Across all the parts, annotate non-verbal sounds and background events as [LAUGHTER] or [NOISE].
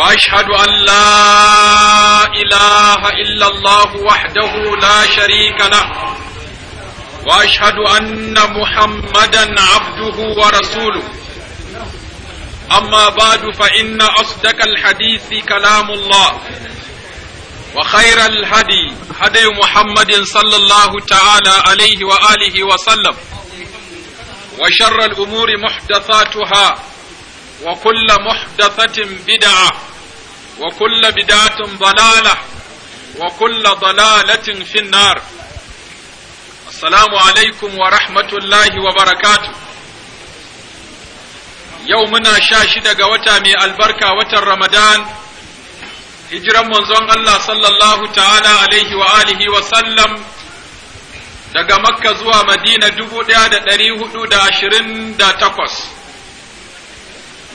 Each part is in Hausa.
واشهد ان لا اله الا الله وحده لا شريك له واشهد ان محمدا عبده ورسوله اما بعد فان اصدق الحديث كلام الله وخير الهدي هدي محمد صلى الله تعالى عليه واله وسلم وشر الامور محدثاتها وكل محدثة بدعة وكل بدعة ضلالة وكل ضلالة في النار السلام عليكم ورحمة الله وبركاته يومنا شاشدة وتامي البركة وتر رمضان hijiran manzon Allah sallallahu ta'ala alaihi wa alihi wa sallam daga Makka zuwa Madina dubu ɗaya da ɗari hudu da ashirin da takwas,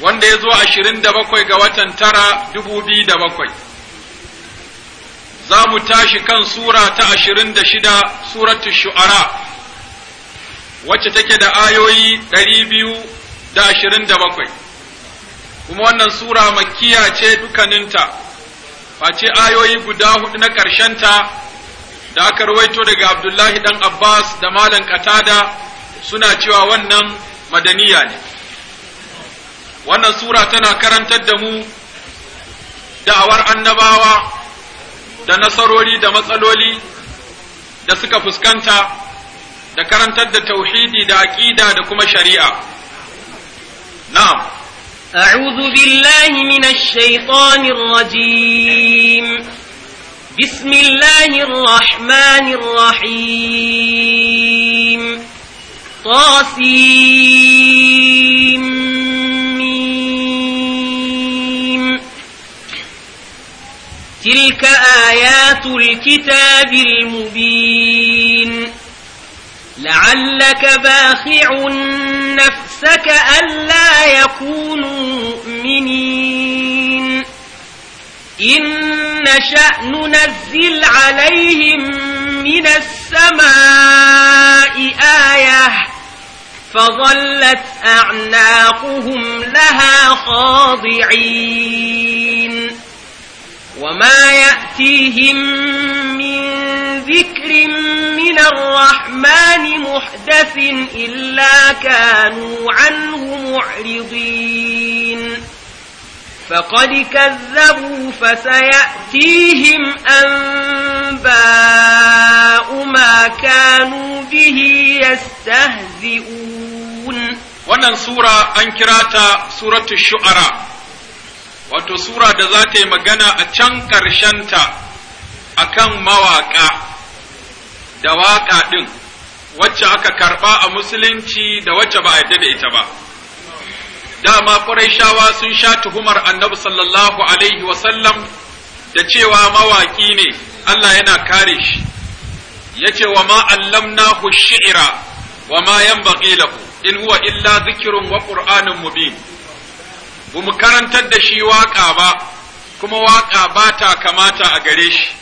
wanda ya zo ashirin da bakwai ga watan tara dubu biyu da bakwai za mu tashi kan sura ta ashirin da shida suratu shu'ara wacce take da ayoyi ɗari biyu da ashirin da bakwai kuma wannan sura makkiya ce dukaninta face ayoyi guda hudu na ƙarshenta da aka rawaito daga abdullahi ɗan abbas da malam katada suna cewa wannan madaniya ne wannan sura tana karantar da mu da'awar annabawa da nasarori da matsaloli da suka fuskanta da karantar da tauhidi da aƙida da kuma shari'a na'am أعوذ بالله من الشيطان الرجيم بسم الله الرحمن الرحيم طاسيم تلك آيات الكتاب المبين لعلك باخع نفسك ألا يكونوا مؤمنين إن نشأ ننزل عليهم من السماء آية فظلت أعناقهم لها خاضعين وما يأتيهم من ذكر من الرحمن محدث إلا كانوا عنه معرضين فقد كذبوا فسيأتيهم أنباء ما كانوا به يستهزئون ونن سورة an سورة الشعراء wato sura da za ta yi magana a can ƙarshenta a kan mawaƙa da waƙa ɗin wacce aka karɓa a musulunci da wacce ba a yadda da ita ba dama ƙuraishawa sun sha tuhumar annabi sallallahu alaihi wasallam da cewa mawaƙi ne Allah yana kare shi ya ce wa ma allamnahu shi'ira wa ma baƙi lahu in huwa illa zikirin wa qur'anun mubin ba mu karantar da shi waƙa ba kuma waƙa ba ta kamata a gare shi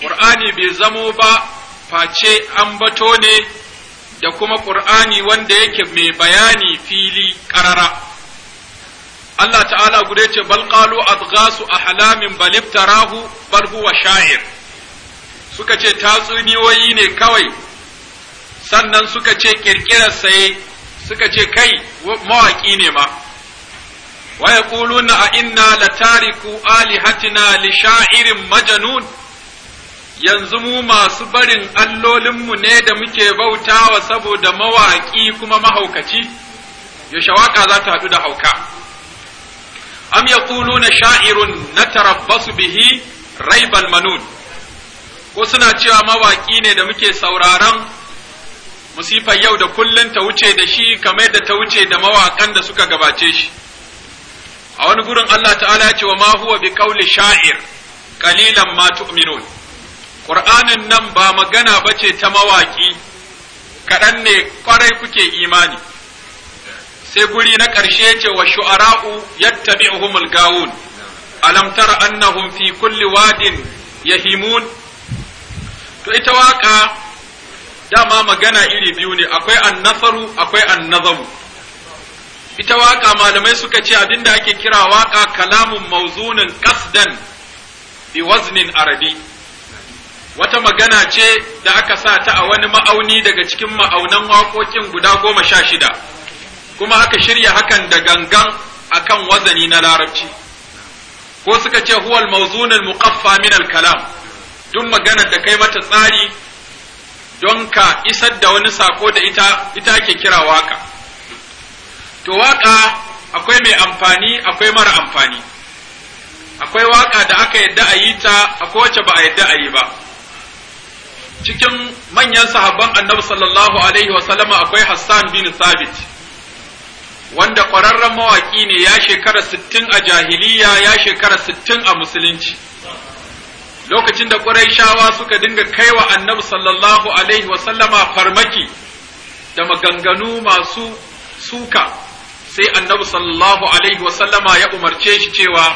ƙur'ani bai zamo ba face ambato ne da kuma ƙur'ani wanda yake mai bayani fili ƙarara Allah ta'ala gure ce bal qalu adghasu ahlamin bal iftarahu bal huwa sha'ir suka ce tatsuniyoyi ne kawai sannan suka ce kirkirar saye suka ce kai mawaki ne ma wa yaquluna a inna latariku alihatina li sha'irin majanun yanzu mu masu barin allolinmu ne da muke bautawa saboda mawaƙi kuma mahaukaci yaushe waƙa za ta haɗu da hauka am yaquluna sha'irun natarabbasu bihi raibal manun ko suna cewa mawaƙi ne da muke sauraron musifa yau da kullum ta wuce da shi kamar da ta wuce da mawaƙan da suka gabace shi a wani gurin Allah ta'ala ya ce wa ma huwa bi qawli sha'ir kalilan ma tu'minun Qur'anin nan ba magana bace ta mawaki kaɗan ne kwarai kuke imani sai guri na ƙarshe ce wa shu'ara'u yattabi'uhumul gawun alam tara annahum fi kulli wadin yahimun to ita waka dama magana iri biyu ne akwai annasaru akwai annazamu ita waka malamai suka ce abinda ake kira waka kalamun mauzunin kasdan bi waznin arabi wata magana ce da aka sa ta a wani ma'auni daga cikin ma'aunan waƙoƙin guda goma sha shida kuma aka shirya hakan da gangan akan wazani na larabci ko suka ce huwal mauzunin muqaffa min kalam duk magana da kai mata tsari don ka isar da wani sako da ita ita ake kira waka to waƙa akwai mai amfani akwai mara amfani akwai waƙa da aka yadda a yi ta a kowace ba a yadda a yi ba cikin manyan sahabban annabi sallallahu alaihi sallama akwai hassan bin Sabit. wanda ƙwararren mawaƙi ne ya shekara 60 a jahiliya ya shekara 60 a musulunci lokacin da ƙuraishawa suka dinga kaiwa annabi sallallahu alaihi sallama farmaki da maganganu masu suka sai annabi sallallahu alaihi wasallama ya umarce shi cewa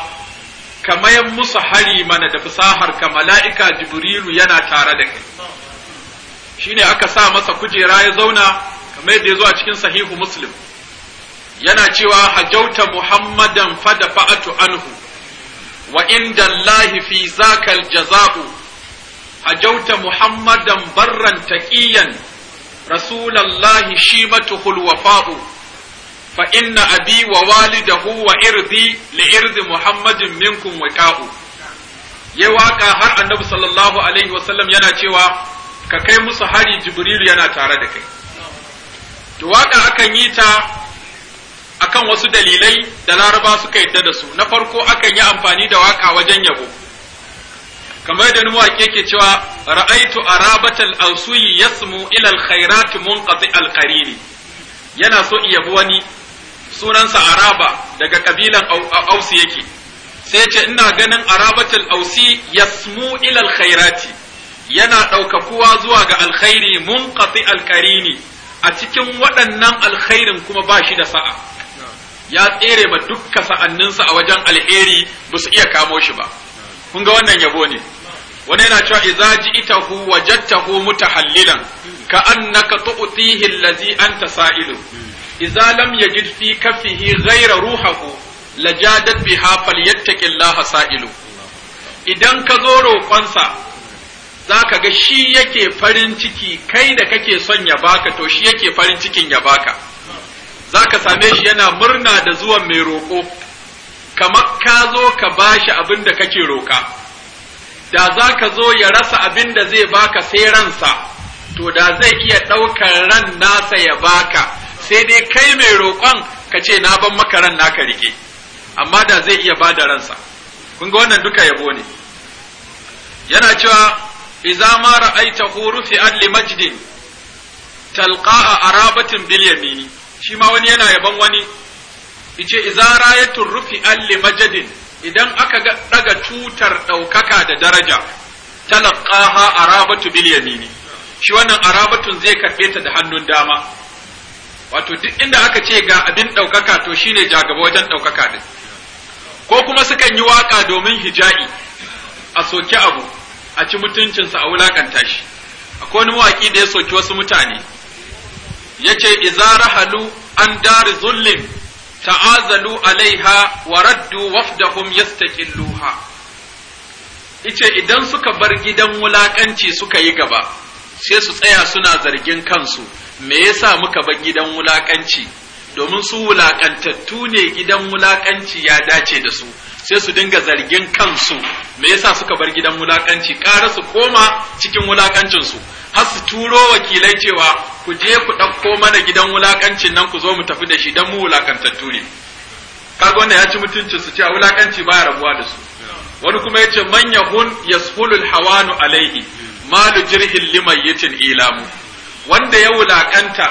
ka mayan musu hari mana da fasahar ka mala'ika jibrilu yana tare da kai ne aka sa masa kujera ya zauna kamar yadda ya zo a cikin sahihu muslim yana cewa hajauta muhammadan fada fa'atu anhu wa inda fi zakal jaza'u hajauta muhammadan barran taƙiyan, rasulallahi shi shimatu hulwafa'u fa inna abi wa walidahu wa irdi li irdi muhammadin minkum waqa'u ya waka har annabi sallallahu alaihi wa sallam yana cewa ka kai musu hari Jibril yana tare da kai to waka akan yi ta akan wasu dalilai da laraba suka yadda da su na farko akan yi amfani da waka wajen yabo kamar da numuwa ke cewa ra'aitu arabatal ausuyi yasmu ila alkhairat munqati alqarini yana so iya bi wani sunansa araba daga kabilan ausi yake sai ce ina ganin arabatul ausi yasmu ilal khairati yana ɗaukakuwa zuwa ga alkhairi munqati alkarini a cikin waɗannan alkhairin kuma ba shi da sa'a ya tsere ma dukka sa'anninsa a wajen alheri ba su iya kamo shi ba kun ga wannan yabo ne wani yana cewa idza ji'tahu wajadtahu mutahallilan ka annaka tu'tihi allazi anta sa'ilu idza lam yajid fi kafihi ghayra ruhahu lajadat biha falyattaqillaha sa'ilu idan ka zo roƙonsa zaka ga shi yake farin ciki kai da kake son ya baka to shi yake farin cikin ya baka zaka same shi yana murna da zuwan mai roƙo kamar ka zo ka bashi abin da kake roƙa da zaka zo ya rasa abin da zai baka sai ransa to da zai iya ɗaukar ran nasa ya baka sai dai kai mai roƙon ka ce na ban maka ran naka rike amma da zai iya bada ransa kun ga wannan duka yabo ne yana cewa idza ma ra'aita hurufi adli majdin talqa'a arabatin bil yamini shi ma wani yana yaban wani ice idza rayatul rufi alli majdin idan aka ga daga tutar daukaka da daraja talqaha arabatu bil yamini shi wannan arabatun zai karbe ta da hannun dama wato duk inda aka ce ga abin ɗaukaka to shine jagaba wajen ɗaukaka ɗin ko kuma sukan yi waƙa domin hija'i a soki abu a ci mutuncinsa a wulakanta shi akwai wani mawaƙi da ya soki wasu mutane ya ce izara Halu, an dari zullin ta'azalu alaiha wa raddu wafdahum yastaqilluha ice idan suka bar gidan wulakanci suka yi gaba sai su tsaya suna zargin kansu me yasa muka bar gidan wulakanci domin su wulakantattu ne gidan wulakanci ya dace da su sai su dinga zargin kansu me yasa suka bar gidan wulakanci ƙara su koma cikin wulakancin su har su turo wakilai cewa ku je ku ɗauko mana gidan wulakancin nan ku zo mu tafi da shi dan mu wulakantattu ne kaga wanda ya ci mutuncin su cewa wulakanci baya rabuwa da su wani kuma yace man yahun yasfulul hawanu alaihi malu jirhin ila ilamu wanda ya wulaƙanta,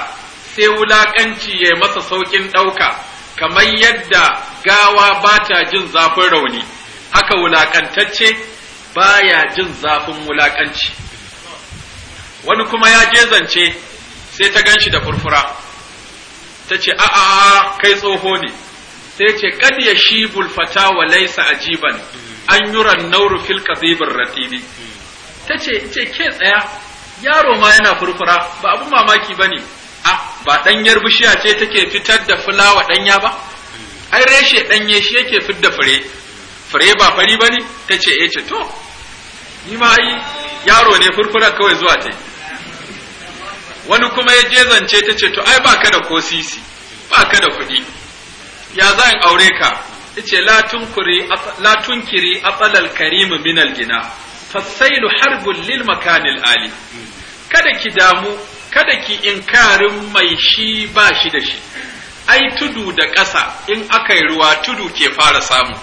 sai wulaƙanci ya masa sauƙin ɗauka kamar yadda gawa ba ta jin zafin rauni haka wulakantacce ya jin zafin wulaƙanci. wani kuma ya je zance sai ta gan shi da furfura ta ce a'a kai tsoho ne sai ce kad ya shi bulfata wa laisa ajiban an ran nauru fil qadibir ratidi ta ce ce ke tsaya yaro ma yana furfura ba abun mamaki ba ne a ba ɗanyar bishiya ce take fitar da fulawa ɗanya ba ai reshe ɗanye shi yake fitar da fure fure ba fari ba ne ta ce e ce to ni ma ai yaro ne furfura kawai zuwa ta wani kuma ya je zance ta ce to ai ba ka da ko sisi ba ka da kuɗi ya zan aure ka ta ce latun kiri atsalal karimu minal gina fasailu harbin lil makanil ali kada ki damu kada ki inkarin mai shi ba shi da shi ai tudu da ƙasa in aka ruwa tudu ke fara samu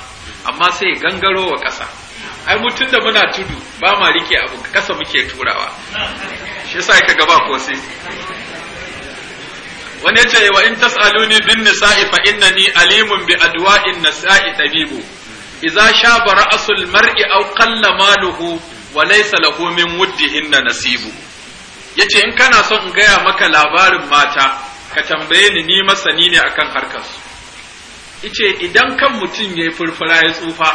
amma sai gangaro wa ƙasa ai mutum da muna tudu ba ma rike abu ƙasa muke turawa shi yasa ka gaba ko sai wani ya ce wa in tas'aluni bin nisa'i fa innani alimun bi adwa'in nisa'i tabibu Iza shaba ra'asul mar'i aw qalla maluhu wa laysa lahu min wuddihinna nasibu yace in kana son in gaya maka labarin mata ka tambaye ni ni masani ne akan harkar su yace idan kan mutum yayi furfura ya tsufa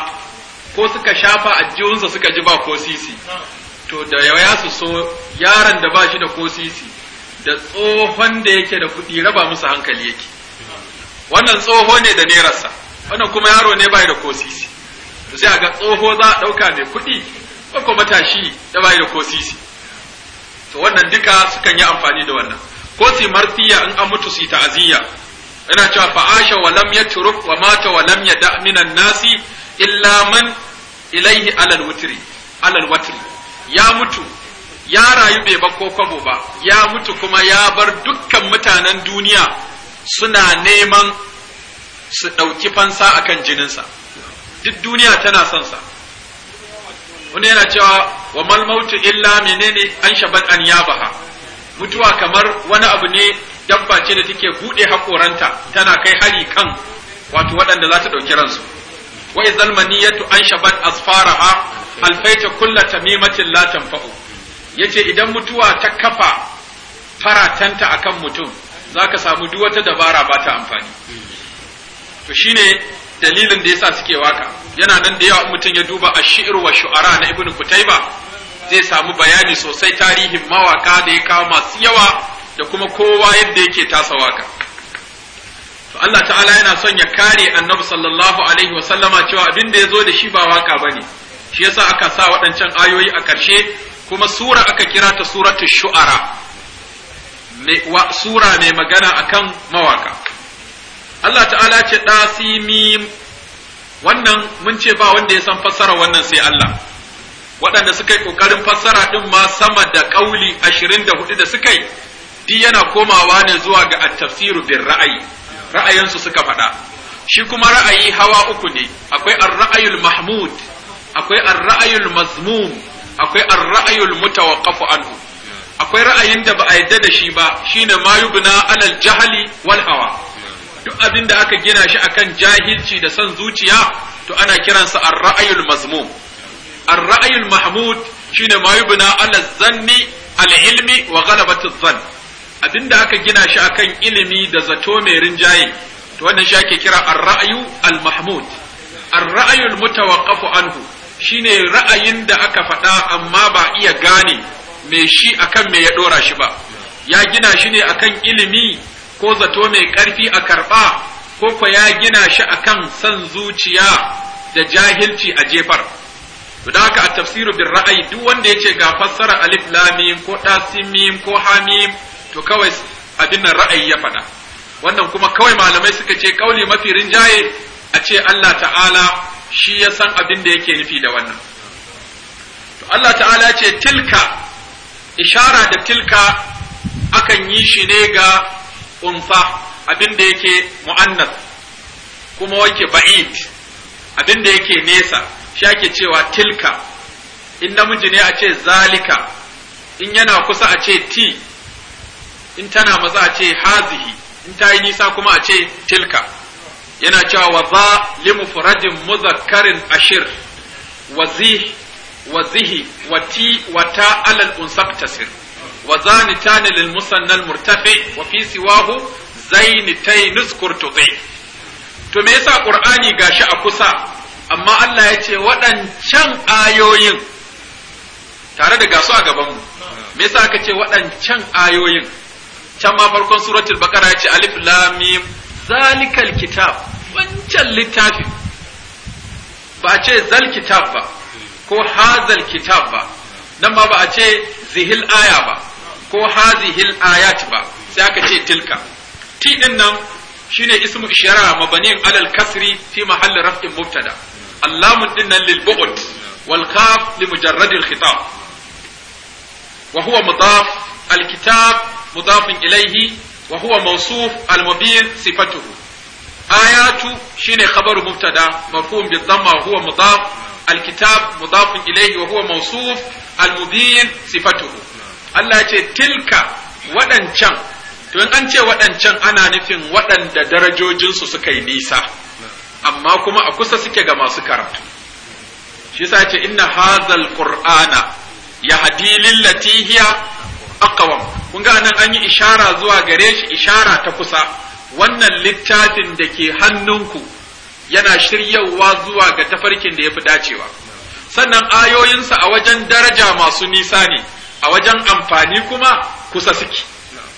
ko suka shafa ajiyunsa suka ji ba ko sisi to da ya su so yaron da ba shi da ko sisi da tsohon da yake da kuɗi raba musu hankali yake wannan tsoho ne da nerarsa wannan kuma yaro ne bai da ko sisi da sai a ga tsoho za a ɗauka mai kuɗi ko matashi da bai da ko sisi to wannan duka sukan yi amfani da wannan ko su marfiya in an mutu su ta'aziyya yana cewa fa'asha wa lam yatruk wa mata wa lam yada minan nasi illa man ilaihi alal wutri alal watri ya mutu ya rayu bai ba ko kwabo ba ya mutu kuma ya bar dukkan mutanen duniya suna neman su ɗauki fansa akan jininsa duk duniya tana son sa wani yana cewa wa mal mautu illa menene an shabat an yabaha mutuwa kamar wani abu ne dabba ce da take bude hakoranta tana kai hari kan wato waɗanda za ta ɗauki ransu wa idzal maniyatu an shabat asfaraha alfaita kulla tamimatin la tanfa'u yace idan mutuwa ta kafa faratanta akan mutum zaka samu duk wata dabara ba ta amfani to shine dalilin da yasa suke waka yana nan da yawa mutum ya duba ashir wa shu'ara na ibnu kutaiba zai samu bayani sosai tarihin mawaka da ya kawo masu yawa da kuma kowa yadda yake tasa waka to Allah ta'ala yana son ya kare annabi sallallahu alaihi wa sallama cewa abin da ya zo da shi ba waka bane shi yasa aka sa waɗancan ayoyi a ƙarshe kuma sura aka kira ta suratu shu'ara sura mai magana akan mawaka Allah ta'ala ce ɗasimim wannan mun ce ba wanda ya san fassara wannan sai Allah waɗanda suka yi ƙoƙarin fassara ɗin ma sama da ƙauli ashirin da hudu da suka yi di yana komawa ne zuwa ga at-tafsiru bin ra'ayi ra'ayinsu suka faɗa shi kuma ra'ayi hawa uku ne akwai ar-ra'ayul mahmud akwai ar-ra'ayul mazmum akwai ar-ra'ayul mutawaqqafu anhu akwai ra'ayin da ba a yadda da shi ba shine ma yubna alal jahli wal hawa duk abin da aka gina shi akan jahilci da son zuciya to ana kiransa ar rayul mazmum ar rayul mahmud shine ma yubna ala zanni al-ilmi wa ghalabati dhann abin da aka gina shi akan ilimi da zato mai rinjaye to wannan shi ake kira ar-ra'yu al-mahmud ar rayul mutawaqqafu anhu shine ra'ayin da aka faɗa amma ba iya gane me shi akan me ya dora shi ba ya gina shi ne akan ilimi ko zato mai ƙarfi a karɓa ko kwa ya gina shi a kan san zuciya da jahilci a jefar to da haka a tafsiru bin ra'ayi duk wanda ya ce ga fassara alif lamim ko ɗasimim ko hamim to kawai abin nan ra'ayi ya faɗa wannan kuma kawai malamai suka ce kauli mafi rinjaye a ce Allah ta'ala shi ya san abin da yake nufi da wannan to Allah ta'ala ce tilka ishara da tilka akan yi shi ne ga unsa abin da yake mu'annas kuma wake ba'id abin da yake nesa shi ake cewa tilka in namiji ne a ce zalika in yana kusa a ce ti in tana maza a ce hazihi in ta yi nisa kuma a ce tilka yana cewa wa za limu furajin muzakkarin ashir wa zihi wa ti wa ta alal unsaktasir wa zanitan lil musanna al murtafi wa fi siwahu zainitayn kurtubi to me yasa qur'ani gashi a kusa amma Allah ya ce waɗancan ayoyin tare da gasu a gabanmu me yasa aka ce waɗancan ayoyin can ma farkon suratul baqara yace alif lam mim zalikal kitab wancan littafi ba ce zal kitab ba ko hazal kitab ba nan ma ba a ce zihil aya ba ko hazihil ayat ba sai aka ce tilka ti ɗinnan shine ismu ishara mabaniyin alal kasri fi mahalli raf'in mubtada allamun din nan lil bu'd wal qaf li mujarrad al khitab wa huwa mudaf al kitab mudaf sifatuhu ayatu shine kabar mubtada mafhum bi dhamma huwa mudaf al kitab mudaf ilayhi wa al mubin sifatuhu Allah ya ce tilka waɗancan to in an ce waɗancan ana nufin waɗanda darajojinsu suka yi nisa amma kuma a kusa suke ga masu karatu shi sa ce inna hazal qur'ana ya lillati hiya aqwam kun ga nan an yi ishara zuwa gare shi ishara ta kusa wannan littafin da ke hannunku yana shiryawa zuwa ga tafarkin da ya fi dacewa sannan ayoyinsa a wajen daraja masu nisa ne a wajen amfani kuma kusa suke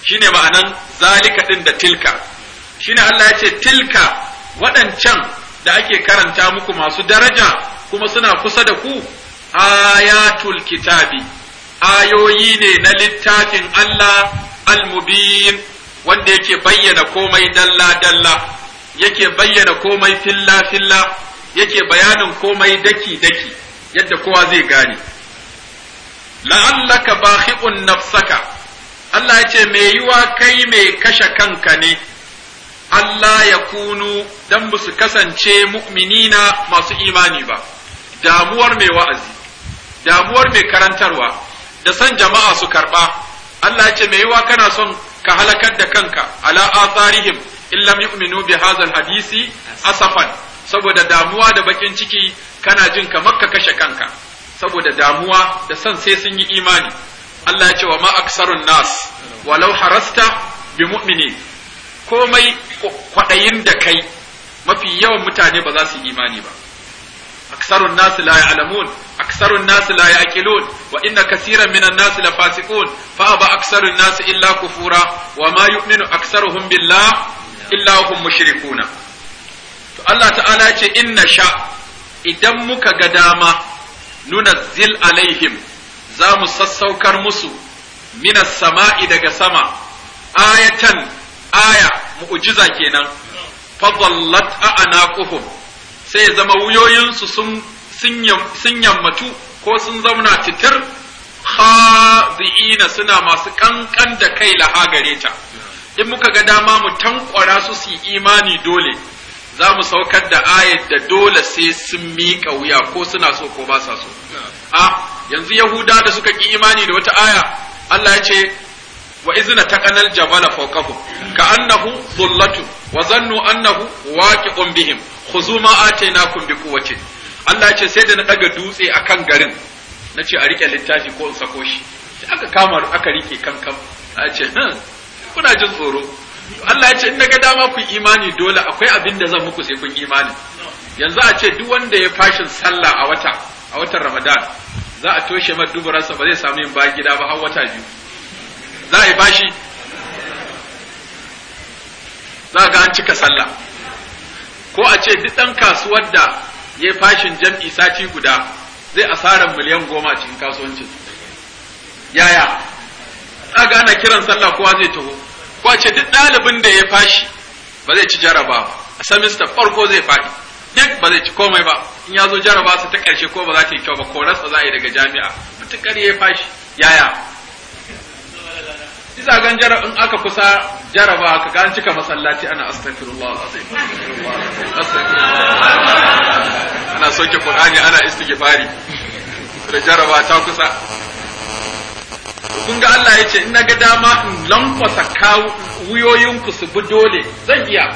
shine ma'anan zalika din da tilka shine Allah ya ce tilka waɗancan da ake karanta muku masu daraja kuma suna kusa da ku ayatul kitabi ayoyi ne na littafin Allah al wanda yake bayyana komai dalla-dalla yake bayyana komai filla-filla yake bayanin komai daki-daki yadda kowa zai gane la'allaka ba bakhi'un nafsaka Allah ya ce mai yiwa kai mai kashe kanka ne Allah ya kunu don ba su kasance mu'minina masu imani ba damuwar mai wa'azi damuwar mai karantarwa da son jama'a su karɓa. Allah ya ce mai yiwa kana son ka halakar da kanka ala atharihim illan yu'minu bi hadisi asafan saboda damuwa da bakin ciki kana jin kamar ka kashe kanka saboda damuwa da son sai sun yi imani Allah ya ce wa ma aksarun nas walau harasta bi mu'mini komai kwaɗayin da kai mafi yawan mutane ba za su yi imani ba aksarun nas la ya'lamun aksarun nas la ya'qilun wa inna kaseeran minan nas la fasiqun fa ba aksarun nas illa kufura wa ma yu'minu aksaruhum billah illa hum mushrikuna to Allah ta'ala ya ce inna sha idan muka ga dama nunazzil alaihim za mu sassaukar musu minas sama'i daga sama ayatan aya mu'jiza kenan fadallat a'naquhum sai zama wuyoyinsu sun yammatu ko sun zauna titir khadi'ina suna masu kankan da kai laha gare ta in muka ga dama mu tankwara su su imani dole za mu saukar da ayat da dole sai sun miƙa wuya ko suna so ko ba sa so a yanzu yahuda da suka ki imani da wata aya Allah ya ce wa izna taqanal jabala fawqahum ka annahu dhullatu wa zannu annahu waqi'un bihim khuzu ma atainakum bi quwwatin Allah ya ce sai da na daga dutse akan garin na ce a rike littafi ko in sako shi aka kama aka rike kankan a ce hmm, kuna jin tsoro Allah ya ce in daga dama ku imani dole akwai abin da zan muku sai kun imani yanzu a ce duk wanda ya fashin sallah a wata a watan Ramadan za a toshe mar ba zai samu yin ba gida ba har wata biyu za a yi bashi za ga an cika sallah ko a ce duk ɗan kasuwar da ya fashin jam'i sati guda zai asarar miliyan goma cikin kasuwancin yaya a gana kiran sallah kowa zai taho kwace duk ɗalibin da ya fashi ba zai ci jaraba. a semester farko zai faɗi duk ba zai ci komai ba in ya zo jaraba su ta ƙarshe ko ba za ta yi kyau ba Ko ba za a yi daga jami'a mutukar ya fashi yaya iza gan jarab in aka kusa jaraba ka gan cika masallaci ana astaghfirullah alazim ana soke qur'ani ana istighfari da jaraba ta kusa kun ga Allah ya ce in na ga dama in lankwasa kawo wuyoyinku su bi dole zan iya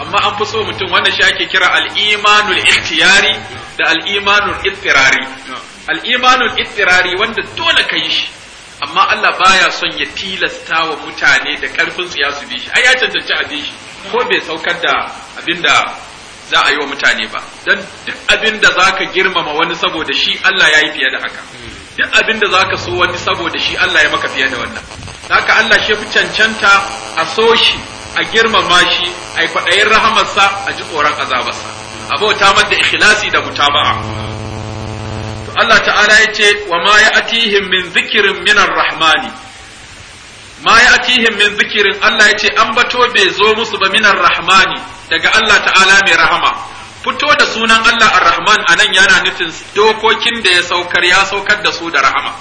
amma an fi so mutum wanda shi ake kira al'imanul ihtiyari da al'imanul ittirari al'imanul ittirari wanda dole ka yi shi amma Allah baya son ya tilasta wa mutane da karfin ya su bi shi ai ya cancanci a bi shi ko bai saukar da abin da za a yi wa mutane ba dan duk abinda zaka girmama wani saboda shi Allah ya yi fiye da haka duk abin da ka so wani saboda shi Allah ya maka fiye da wannan haka Allah shi fi cancanta a so shi a girmama shi a yi kwaɗayin rahamarsa a ji tsoron azabarsa a ta mar da ikhlasi da mutaba'a to Allah ta'ala ya ce wa ma ya atihim min zikirin minan rahmani ma ya min zikirin Allah ya ce an bato bai zo musu ba minan rahmani daga Allah ta'ala mai rahama fito da sunan Allah ar-Rahman a nan yana nufin dokokin da ya saukar ya saukar da su da rahama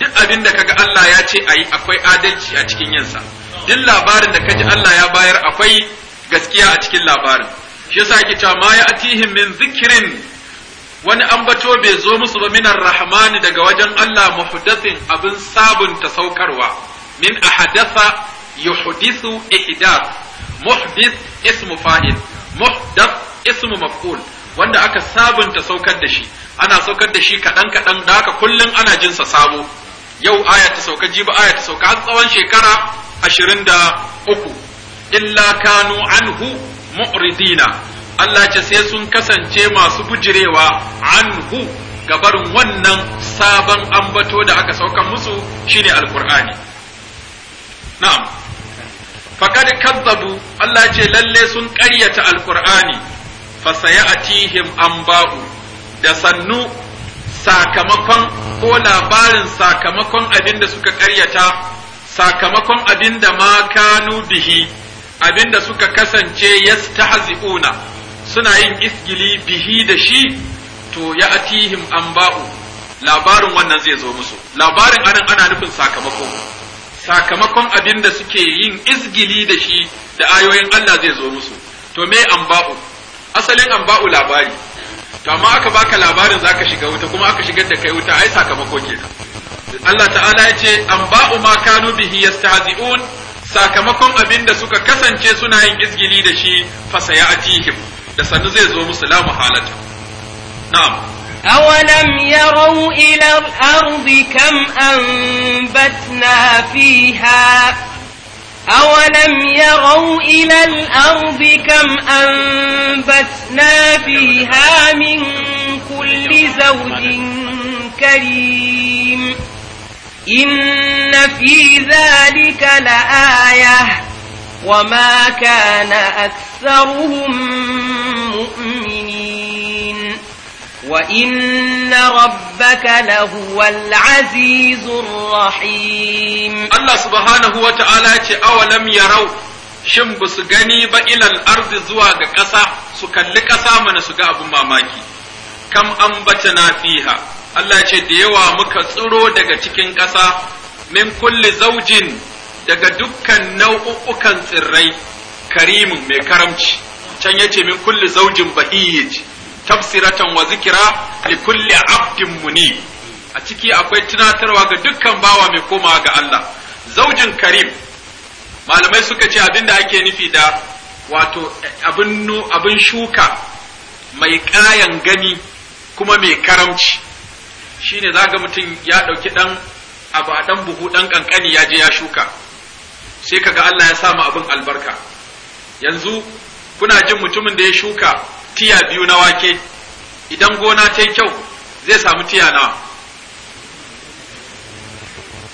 duk abin da kaga Allah ya ce ayi akwai adalci a cikin yansa. duk labarin da kaji Allah ya bayar akwai gaskiya a cikin labarin shi yasa yake cewa ma ya'tihim min zikrin wani ambato bai zo musu ba minar rahmani daga wajen Allah muhdathin abin sabunta saukarwa min ahadatha yuhdithu ihdath muhdith ismu fa'il muhdath ismu maf'ul wanda aka sabunta saukar da shi ana saukar da shi kaɗan kaɗan da haka kullum ana jinsa sabo yau aya ta sauka jibi aya ta sauka har tsawon shekara ashirin da uku illa kanu anhu mu'ridina Allah ce sai sun kasance masu bujirewa anhu gabarin wannan sabon ambato da aka sauka musu shine alkur'ani na'am fakad kazzabu Allah ce lalle sun ƙaryata alkur'ani fasayatihim amba'u. da sannu sakamakon ko labarin sakamakon abin da suka karyata sakamakon abin da ma kanu bihi abin da suka kasance yastahzi'una suna yin isgili bihi da shi to ya'tihim amba'u. labarin wannan zai zo musu labarin anan ana nufin sakamakon. sakamakon abin da suke yin isgili da shi da ayoyin Allah zai zo musu to me amba'u. asalin an ba'u labari to amma aka baka labarin zaka shiga wuta kuma aka shigar da kai wuta ai sakamako kenan Allah ta'ala ya ce an ba'u ma kanu bihi yastahzi'un sakamakon abin da suka kasance suna yin izgili da shi fasayatihim da sannu zai zo musu la muhalata na'am أولم يروا إلى الأرض كم أنبتنا فيها أولم يروا إلى الأرض كم أنبتنا فيها من كل زوج كريم إن في ذلك لآية وما كان أكثرهم مؤمنين وإن ربك لهو العزيز الرحيم الله سبحانه وتعالى أولم يروا shin ba su gani ba ilal arzi zuwa ga ƙasa su kalli ƙasa mana su ga abin mamaki kam ambata bata na fiha Allah ce da yawa muka tsiro daga cikin ƙasa min kulle zaujin daga dukkan nau'u'ukan tsirrai karimin mai karamci can yace min kulle zaujin bahiyyij tafsiratan wa zikira li kulli abdin muni a ciki akwai tunatarwa ga dukkan bawa mai komawa ga Allah zaujin karim malamai suka ce abin da ake nufi da wato abin abin shuka mai kayan gani kuma mai karamci shine zaga mutum ya ɗauki ɗan abu a dan buhu ɗan kankani ya je ya shuka sai kaga Allah ya samu abin albarka yanzu kuna jin mutumin da ya shuka tiya biyu na wake idan gona ta yi kyau zai samu tiya nawa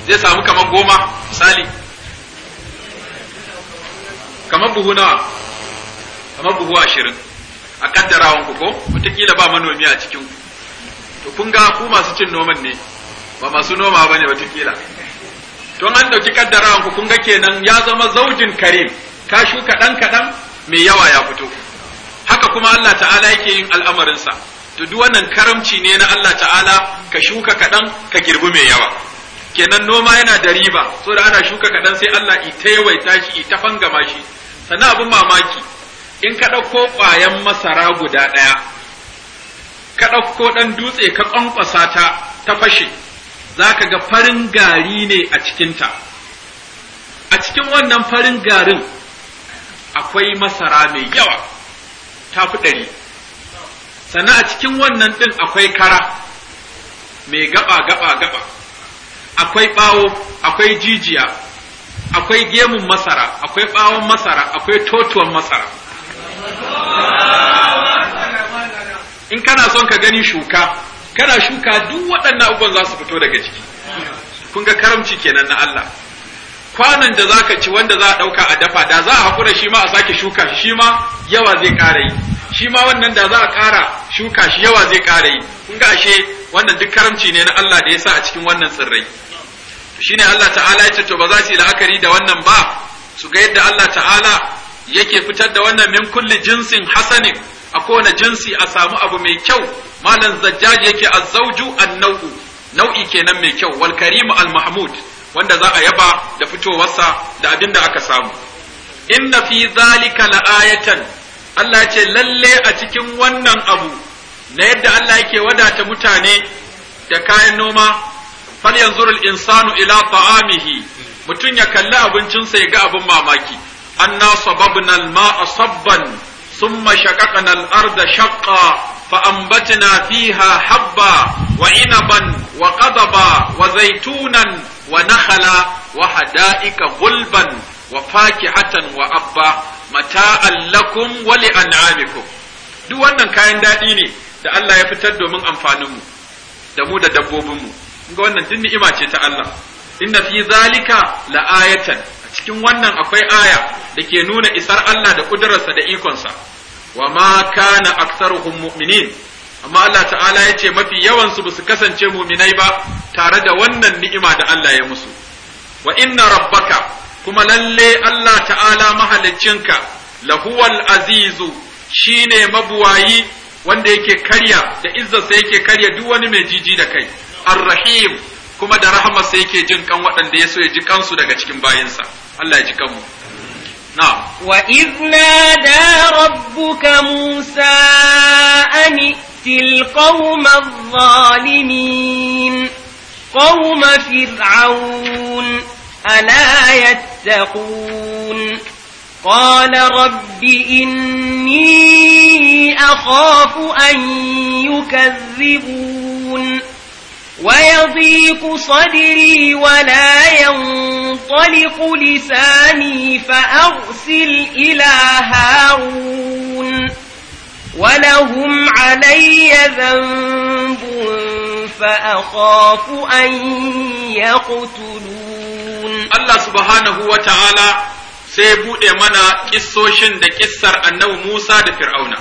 zai samu kamar goma misali kamar buhu nawa kamar buhu ashirin a kaddarawan ku ko wataƙila ba manomi a cikin to kun ga ku masu cin noman ne ba masu noma ba ne wataƙila to an ɗauki kaddarawan ku kun ga kenan ya zama zaujin karim ka shuka ɗan kaɗan mai yawa ya fito haka kuma Allah ta'ala yake yin al'amarinsa to duk wannan karamci ne na Allah ta'ala ka shuka kaɗan ka girbi mai yawa kenan noma yana da riba so da ana shuka kaɗan sai Allah ita yawaita shi ita fangama shi sana abin mamaki in ka ɗauko ƙwayan masara guda ɗaya ka ɗauko ɗan dutse ka ƙwanƙwasa ta ta fashe za ka ga farin gari ne a cikinta a cikin wannan farin garin akwai masara mai yawa ta fi ɗari sannan a cikin wannan ɗin akwai kara mai gaba gaba gaba akwai ɓawo akwai jijiya akwai gemun masara akwai ɓawon masara akwai totuwan masara in kana son ka gani shuka kana shuka duk waɗannan abubuwan za su fito daga ciki kun ga karamci kenan na Allah kwanan da zaka ci wanda za a dauka a dafa da za a hakura shi ma a sake shuka shi ma yawa zai kare yi shi ma wannan da za a kara shuka shi yawa zai kare yi kun ga ashe wannan duk karamci ne na Allah da ya sa a cikin wannan tsirrai shine Allah ta'ala ya ce to ba za su yi la'akari da wannan ba su ga yadda Allah ta'ala yake fitar da wannan min kulli jinsin hasanin a kowane jinsi a samu abu mai kyau malam zajjaji yake azzauju annau nau'i kenan mai kyau wal karimu al mahmud wanda za a yaba da fitowarsa da abin da aka samu inna fi zalika la'ayatan Allah ce lalle a cikin wannan abu na yadda Allah yake wadata mutane da kayan noma fal yanzurul insanu ila ta'amihi mutum ya kalli abincinsa ya ga abin mamaki anna sababna al-ma'a sabban thumma shaƙa, al-arda habba wa inaban wa وعنبا wa zaitunan. wa nakhala wa hada'ika gulban wa fakihatan wa abba mata'an lakum wa duk wannan kayan daɗi ne da Allah ya fitar domin amfaninmu da mu da dabbobinmu ga wannan duk ni'ima ce ta Allah inna fi zalika la'ayatan a cikin wannan akwai aya da ke nuna isar Allah da kudurarsa da ikonsa wa ma kana aktsaruhum mu'minin amma Allah ta'ala ya ce mafi yawansu ba su kasance muminai ba tare da wannan ni'ima da Allah ya musu wa inna rabbaka kuma lalle Allah ta'ala mahaliccinka lahuwal azizu shine mabuwayi wanda yake karya da izzarsa yake karya duk wani mai jiji da kai arrahim kuma da sa yake jin kan waɗanda ya so ya ji kansu daga cikin bayinsa Allah ya ji kanmu na'am wa idna da rabbuka musa ani تأتي القوم الظالمين قوم فرعون ألا يتقون قال رب إني أخاف أن يكذبون ويضيق صدري ولا ينطلق لساني فأرسل إلى هارون ولهم علي ذنب فأخاف أن يقتلون الله سبحانه وتعالى sai buɗe mana ƙisoshin da kissar annabi Musa da Fir'auna.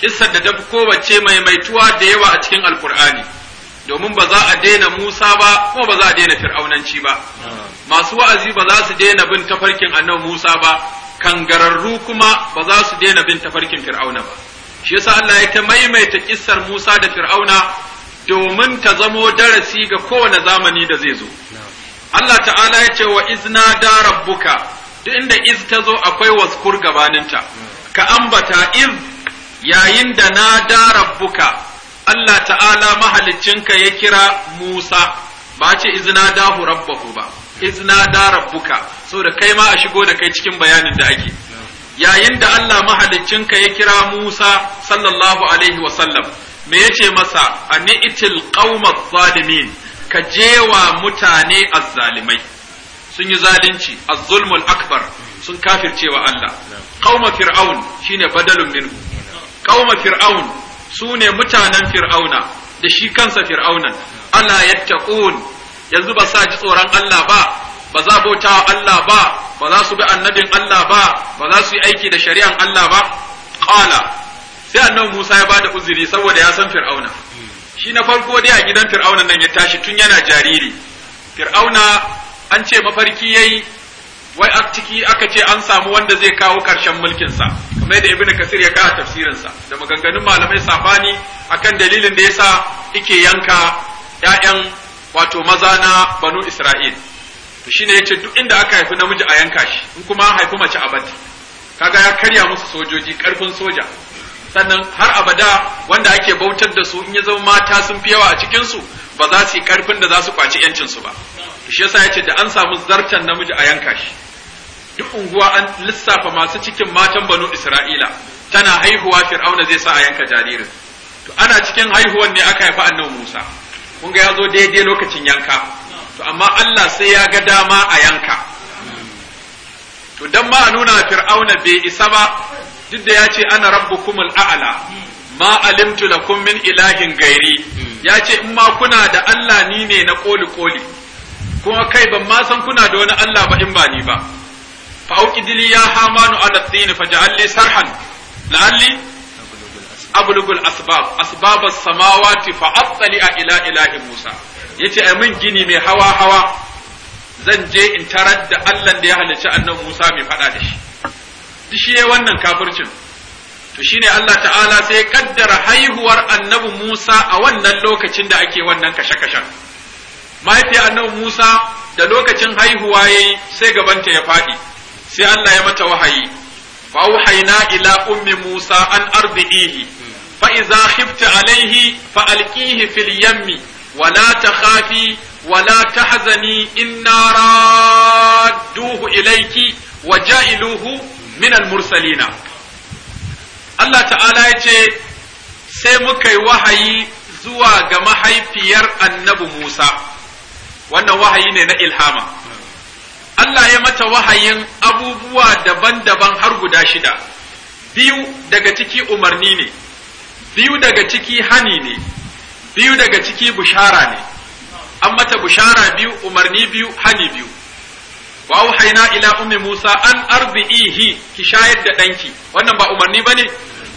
Kissar da tafi kowace maimaituwa da yawa a cikin Alkur'ani, domin ba za a daina Musa ba ko ba za a daina Fir'aunanci ba. Masu wa'azi ba za su daina bin tafarkin annabi Musa ba, kangararru kuma ba za su daina bin tafarkin Fir'auna ba. shi yasa Allah ya ta maimaita kissar Musa da Fir'auna domin ta zamo darasi ga kowane zamani da zai zo Allah ta'ala ya ce wa izna da rabbuka duk inda iz ta zo akwai waskur gabaninta ka ambata iz yayin da na da rabbuka Allah ta'ala mahaliccinka ya kira Musa ba ce izna da rabbahu ba izna da rabbuka saboda kai ma a shigo da kai cikin bayanin da ake yayin da Allah mahaliccinka ya kira Musa sallallahu alaihi wasallam me yace masa ani itil qaumaz zalimin ka jewa mutane azzalimai sun yi zalunci azzulmul akbar sun kafircewa Allah qauma fir'aun shine badalun minhu qauma fir'aun sune mutanen fir'auna da shi kansa fir'aunan ala yattaqun yanzu ba sa ji tsoron Allah ba ba za bauta wa Allah ba ba za su bi annabin Allah ba ba za su yi aiki da shari'an Allah ba qala sai annabi Musa ya bada uzuri saboda ya san Fir'auna shi na farko dai a gidan Fir'auna nan ya tashi tun yana jariri Fir'auna an ce mafarki yayi wai a aka ce an samu wanda zai kawo ƙarshen mulkinsa kamar da Ibn kasir ya kawo sa da maganganun malamai sabani akan dalilin da yasa ike yanka ‘ya'yan wato maza na banu isra'il shine yace duk inda aka haifi namiji a yanka shi in kuma haifi mace a bata kaga ya karya musu sojoji karfin soja sannan har abada wanda ake bautar da su in ya zama mata sun fi yawa a cikin su ba za su yi karfin da za su kwaci yancin su ba shi yasa ce da an samu zartan namiji a yanka shi duk unguwa an lissafa masu cikin matan banu Isra'ila tana haihuwa Fir'auna zai sa a yanka jaririn to ana cikin haihuwan ne aka haifi annabi Musa kun ga ya zo daidai lokacin yanka to amma Allah sai ya ga dama a yanka to dan ma nuna fir'auna bai isa ba duk da ya ce ana rabbukumul a'la ma alimtu lakum min ilahin gairi ya ce in ma kuna da Allah ni ne na koli koli kuma kai ban ma san kuna da wani Allah ba in ba ni ba fa auqidili ya hamanu ala tsini faj'alli sarhan la'alli ablugul asbab asbab as-samawati fa attali ila ilahi musa yace ai min gini mai hawa hawa zan je in tarar da Allah da ya halicci annabi Musa mai faɗa da shi duk shi ne wannan kafircin to shine Allah ta'ala sai kaddara haihuwar annabi Musa a wannan lokacin da ake wannan kashe-kashen mahaifiyar annabi Musa da lokacin haihuwa yayi sai gabanta ya faɗi sai Allah ya mata wahayi fa wahayna ila ummi Musa an ardihi fa idza khifta alayhi fa alqihi fil yammi Wala ta ولا تخافي ولا تحزني إنا رادوه إليك وجائلوه من المرسلين Allah ta'ala ya ce, Sai muka yi wahayi zuwa ga mahaifiyar annabi Musa, wannan wahayi ne na ilhama. Allah ya mata wahayin abubuwa daban-daban har guda shida, biyu daga ciki umarni ne, biyu daga ciki hani ne. biyu daga ciki bushara ne an mata bushara biyu umarni biyu hani biyu wa haina ila ummi musa an arbi'ihi ki shayar da ɗanki. wannan ba umarni bane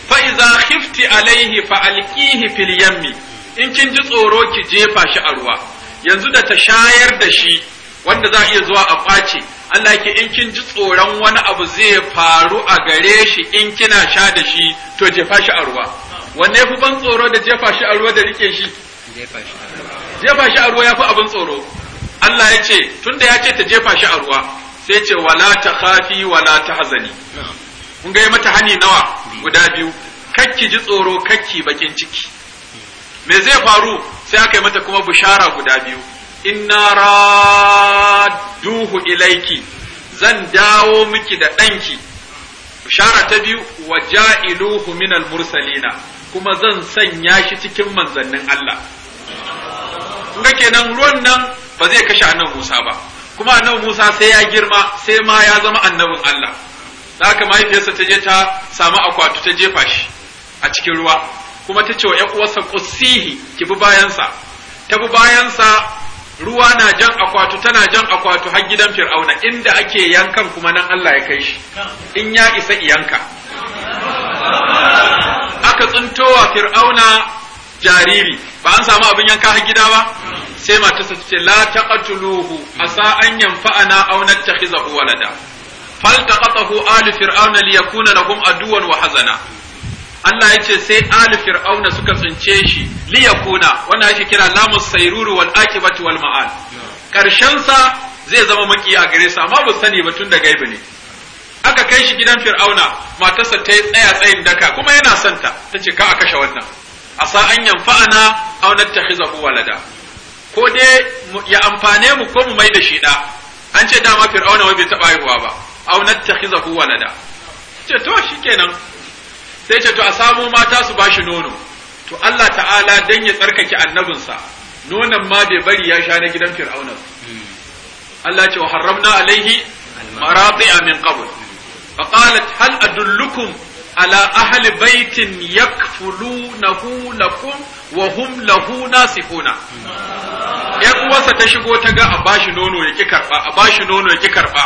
fa iza khifti alaihi fa alqihi fil yammi in kin ji tsoro ki jefa shi a ruwa yanzu da ta shayar da shi wanda za a iya zuwa a kwace Allah ke in kin ji tsoron wani abu zai faru a gare shi in kina sha da shi to jefa shi a ruwa wanne yafi ban tsoro da jefa shi a ruwa da rike shi jefa shi a ruwa yafi abin tsoro Allah ya ce tunda ya ce ta jefa shi a ruwa sai ce wala ta khafi wala ta hazani kun ga mata hani nawa guda biyu kakki ji tsoro kakki bakin ciki me zai faru sai aka yi mata kuma bushara guda biyu inna raduhu ilaiki zan dawo miki da ɗanki Bushara ta biyu wa ja'iluhu minal mursalina kuma zan sanya shi cikin manzannin Allah kun kenan ruwan nan ba zai kashe annabi Musa ba kuma annabi Musa sai ya girma sai ma ya zama annabin Allah da haka mahaifiyarsa ta je ta sami akwatu ta jefa shi a cikin ruwa kuma ta ce wa ‘yan uwarsa kusihi ki bi bayansa ta bi bayansa ruwa na jan akwatu tana jan akwatu har gidan fir'auna inda ake yankan kuma nan Allah ya kai shi in ya isa iyanka aka wa fir'auna jariri ba an samu abin yanka har gida ba sai matarsa ta ce la taqtuluhu asa an yanfa'ana aw nattakhizahu walada faltaqatahu ali fir'auna liyakuna lahum aduwan wa hazana Allah ya ce sai ali fir'auna suka tsince shi liyakuna wannan yake kira lamus sayruru wal akibatu wal ma'al karshen sa zai zama maki a gare sa amma ba sani ba tun da gaibi ne aka kai shi gidan fir'auna matarsa ta yi tsaya tsayin daka kuma yana santa ta ce ka a kashe wannan a sa an yanfa'ana aw nattakhizahu walada ko dai ya amfane mu ko mu mai da shi da an ce dama fir'auna wai bai taɓa haihuwa ba aw nattakhizahu walada ce to shikenan sai ce to a samu mata su ba shi nono to Allah ta'ala dan ya tsarkake annabinsa nonon ma bai bari ya sha na gidan fir'auna hmm. Allah ce wa harramna alaihi marati min qabl فقالت هل أدلكم على أهل بيت يكفلونه لكم وهم له ناصحون ‘yan uwarsa ta shigo ta ga a bashi nono ya ki karba a bashi nono ya ki karɓa.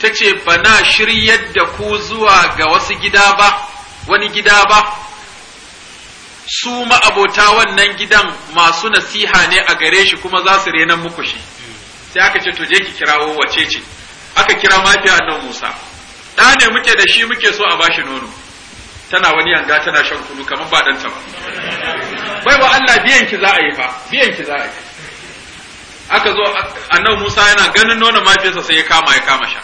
ta ce bana shiryar da ku zuwa ga wasu gida ba wani gida ba su ma'abota wannan gidan masu nasiha ne a gare shi kuma za su renan muku shi sai aka ce to je ki kirawo wace ce aka kira mafiya nan Musa Da ne muke da shi muke so a bashi nono tana wani yanga tana shan kunu kamar ba danta ba bai wa Allah biyan ki za a yi fa biyan ki za a yi aka zo annabi Musa yana ganin nono mafiyarsa sai ya kama ya kama sha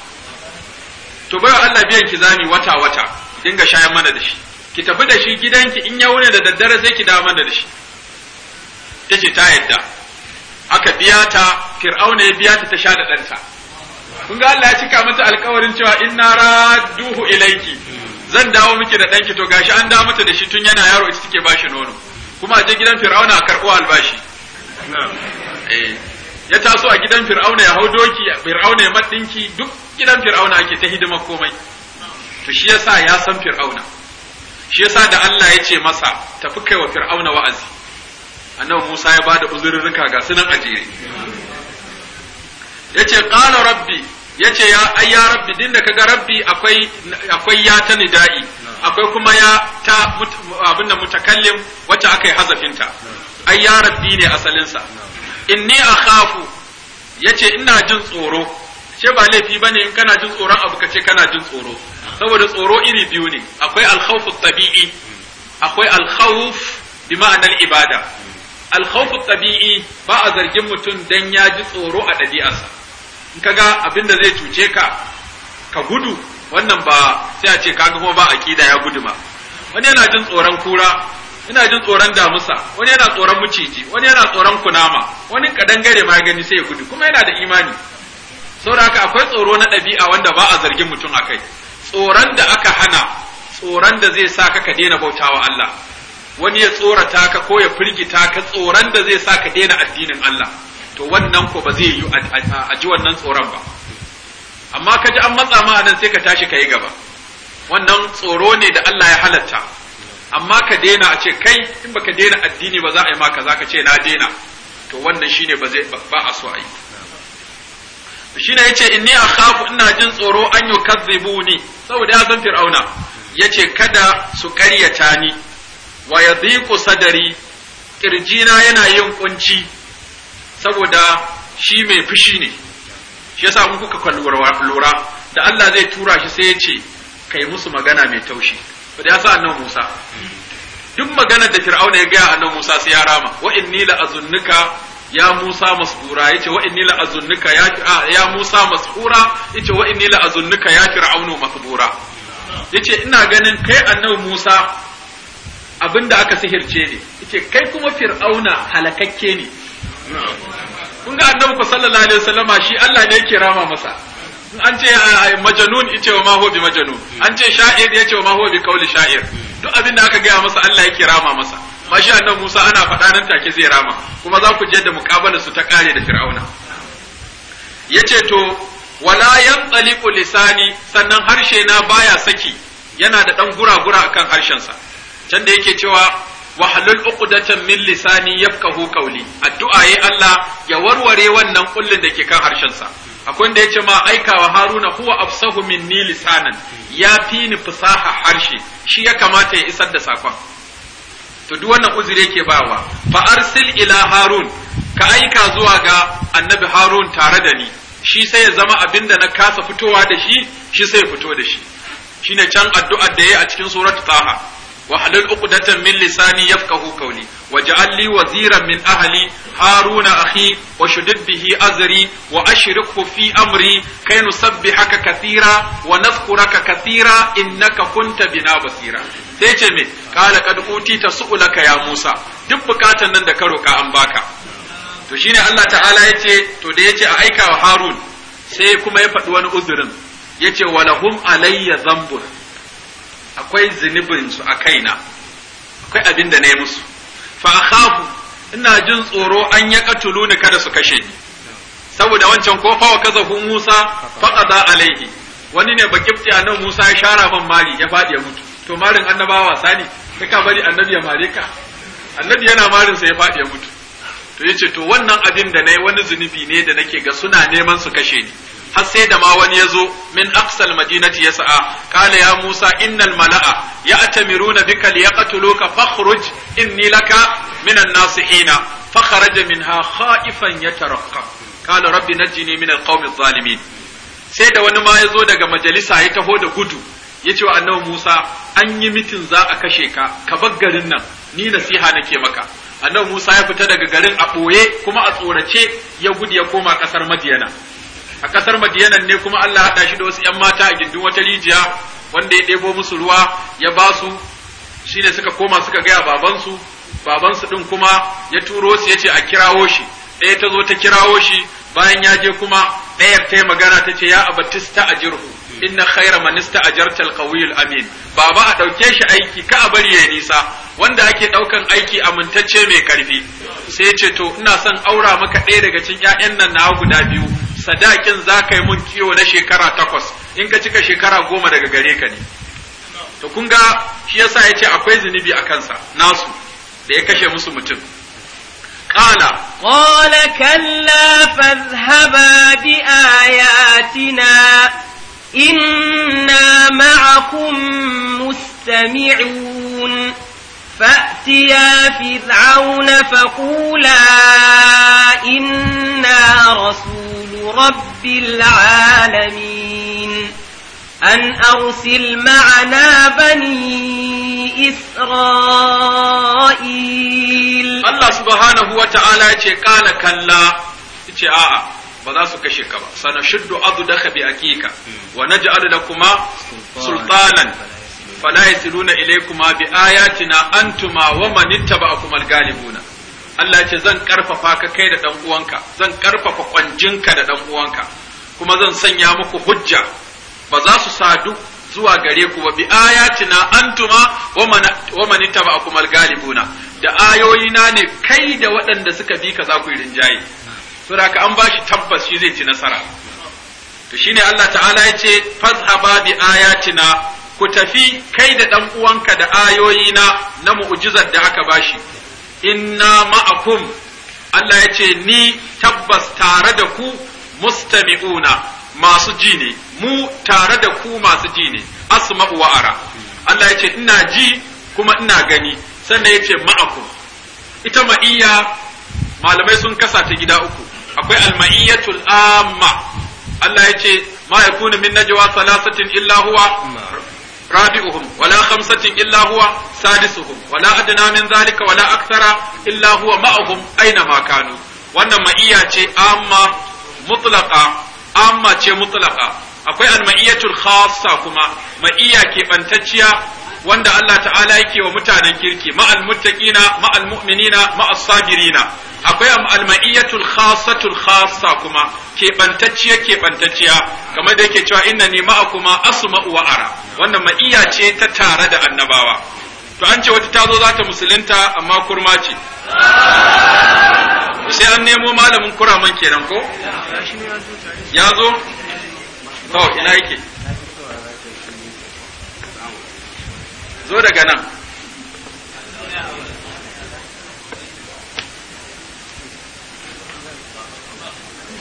to bai wa Allah biyan ki zami wata wata dinga shayan mana da shi ki tafi da shi gidanki in ya wune da daddare sai ki dawo mana da shi tace ta yadda aka biya ta fir'auna ya biya ta ta sha da ɗanta kun ga Allah ya cika mata alkawarin cewa inna radduhu ilayki zan dawo miki da danki to gashi an dawo mata da shi tun yana yaro ita take bashi nono kuma a je gidan fir'auna a karɓo albashi eh, ya taso a gidan fir'auna ya hau doki fir'auna ya maɗinki duk gidan fir'auna ake ta hidima komai to shi yasa ya san fir'auna shi yasa da Allah ya ce masa tafi kai wa fir'auna wa'azi annabi Musa ya bada uzurruka ga sunan ajiri yace qala rabbi yace ya ai ya rabbi din da kaga rabbi akwai akwai ya ta nida'i akwai kuma ya ta abin da mutakallim wacce aka yi hazafinta ai ya rabbi ne asalinsa inni akhafu yace ina jin tsoro ce ba laifi bane in kana jin tsoron abu kace kana jin tsoro saboda tsoro iri biyu ne akwai alkhawfu tabi'i akwai alkhawf bi ma'anar ibada alkhawfu tabi'i ba a zargin mutum dan ya ji tsoro a dabi'arsa in ka ga abin da zai cuce ka ka gudu wannan ba sai a ce kaga kuma ba aqida ya gudu ba wani yana jin tsoron kura ina jin tsoron damusa wani yana tsoron muciji wani yana tsoron kunama wani ƙadangare ma gani sai ya gudu kuma yana da imani saboda haka akwai tsoro na ɗabi'a wanda ba a zargin mutum akai tsoron da aka hana tsoron da zai sa ka daina bautawa Allah wani ya tsorata ka ko ya firgita ka tsoron da zai sa ka daina addinin Allah to wannan ko ba zai yi a ji wannan tsoron ba amma ka ji an matsa ma nan sai ka tashi ka yi gaba wannan tsoro ne da Allah ya halatta amma ka daina a ce kai in baka daina addini ba za a yi maka za ka ce na daina to wannan shine ba zai ba a so a yi shine yace inni akhafu ina jin tsoro an yukazzibuni saboda ya san fir'auna yace kada su karyata ni wa yadhiqu sadari kirjina yana yin kunci saboda shi mai fushi ne shi yasa in kuka lura da Allah zai tura shi sai ya ce kai musu magana mai taushi da ya sa annabi Musa duk maganar da Fir'auna ya gaya annabi Musa sai ya rama wa inni la azunnuka ya Musa masbura yace wa inni la azunnuka ya ya Musa masbura yace wa inni la azunnuka ya Fir'aunu masbura yace ina ganin kai annabi Musa abinda aka sihirce ne yace kai kuma Fir'auna halakakke ne kun ga annabi ku sallallahu alaihi wasallam shi Allah ne yake rama masa an ce majanun yace wa ma bi majanun an ce sha'ir yace wa ma bi kauli sha'ir duk abin da aka gaya masa Allah yake rama masa ma shi annabi Musa ana faɗa nan take zai rama kuma za ku je da muƙabalar su ta kare da Fir'auna yace to wala yanqaliqu lisani sannan harshe na baya saki yana da dan gura-gura akan sa. can da yake cewa wahlul uqdatan min lisani yafqahu qawli addu'a ya Allah ya warware wannan kullun da ke kan harshen sa akwai da yace ma aikawa haruna huwa afsahu ni lisanan ya fi ni fasaha harshe shi ya kamata ya isar da sakon to duk wannan uzuri yake bawa fa arsil ila harun ka aika zuwa ga annabi harun tare da ni shi sai ya zama abin da na kasa fitowa da shi shi sai ya fito da shi shine can addu'ar da yayi a cikin suratu taha واحلل عقدة من لساني يفقه قولي واجعل لي وزيرا من أهلي هارون أخي وشدد به أزري وأشركه في أمري كي نسبحك كثيرا ونذكرك كثيرا إنك كنت بنا بصيرا سيتمي قال قد أوتيت سؤلك يا موسى دبكات نندك روكا أنباكا to shine Allah ta'ala yace to da yace a aika wa Harun sai kuma ya faɗi wani uzurin yace walahum alayya zambun akwai zunubin su a kaina akwai abin da na yi musu fa akhafu ina jin tsoro an ya katulu ni kada su kashe ni saboda wancan ko fa kaza hu Musa qada alaihi wani ne ba bakifti nan Musa ya shara ban mari ya fadi ya mutu to marin annabawa sani kai ka bari annabi ya mare ka annabi yana marin sa ya fadi ya mutu to yace to wannan abin da nayi wani zunubi ne da nake ga suna neman su kashe ni har sai da ma wani ya zo min aqsal madinati ya sa'a qala ya musa innal mala'a ya'tamiruna bika liyaqtuluka fakhruj inni laka minan nasihina fakharaja minha khaifan yataraqqa qala rabbi najini min alqawmi adh-dhalimin sai da wani ma ya zo daga majalisa ya taho da gudu ya ce wa annabi Musa an yi mitin za a kashe ka ka bar garin nan ni nasiha nake maka annabi Musa ya fita daga garin a ɓoye kuma a tsorace ya gudu ya koma ƙasar Madiyana a kasar madiyanan ne kuma Allah haɗa shi da wasu ‘yan mata a gindin wata rijiya wanda ya ɗebo musu ruwa ya ba su shi ne suka koma suka gaya babansu babansu ɗin kuma ya turo su ya ce a kirawo shi ɗaya ta zo ta kirawo shi bayan ya je kuma ɗayar ta yi magana ta ce ya abatista a jirhu inna khaira manista a jartal amin baba a ɗauke shi aiki ka a bari ya nisa wanda ake ɗaukan aiki amintacce mai karfi sai ce to ina son aura maka ɗaya daga cikin ƴaƴan nan na guda biyu sadakin za ka yi mun kiwo na shekara takwas in ka cika shekara goma daga gare ka ne to kun ga shi yasa ya ce akwai zunubi a kansa nasu da ya kashe musu mutum قال قال كلا فاذهبا ina inna معكم مستمعون فأتيا فرعون فقولا إنا رسول رب العالمين أن أرسل معنا بني إسرائيل الله سبحانه وتعالى قال كلا آه ba za su kashe ka ba sana shuddu abu da bi akika wa naj'alu lakuma sultanan fala yasiluna ilaykuma bi ayatina antuma wa man galibuna Allah ya ce zan karfafa ka kai da dan uwanka zan karfafa ka da dan uwanka kuma zan sanya muku hujja ba za su sadu zuwa gare ku ba bi ayatina antuma wa man al galibuna da ayoyina ne kai da waɗanda suka bi ka za ku yi rinjaye sura ka an bashi tabbas shi zai ci nasara to shine Allah ta'ala ya ce fazhaba bi ayatina ku tafi kai da ɗan uwanka da ayoyina na mu'jizar da aka bashi inna ma'akum Allah ya ce ni tabbas tare da ku mustami'una masu ji ne mu tare da ku masu ji ne asma'u wa ara Allah ya ce ina ji kuma ina gani sannan ya ce ma'akum ita ma'iyya malamai sun kasa ta gida uku akwai alma'iyyatul amma Allah ya ce ma yakunu min najwa salasatin illa huwa Rabi'u wala خمسة إلا هو سادسهم ولا أدنى من ذلك ولا أكثر إلا هو wannan ma'iyya ce amma mutlaka amma ce mutlaka akwai al-ma'iyyatul khassa kuma ma'iyya ke wanda Allah ta'ala yake wa mutanen kirki ma'al muttaqina ma'al mu'minina ma'as sabirina akwai al-ma'iyatul khasatul khassa kuma keɓantacciya keɓantacciya kamar da yake cewa inna ni kuma asma'u wa ara wannan ma'iya ce ta tare da annabawa to an ce wata ta zo za ta musulunta amma kurma ce sai an nemo malamin kuraman kenan ko ya zo to ina yake zo daga nan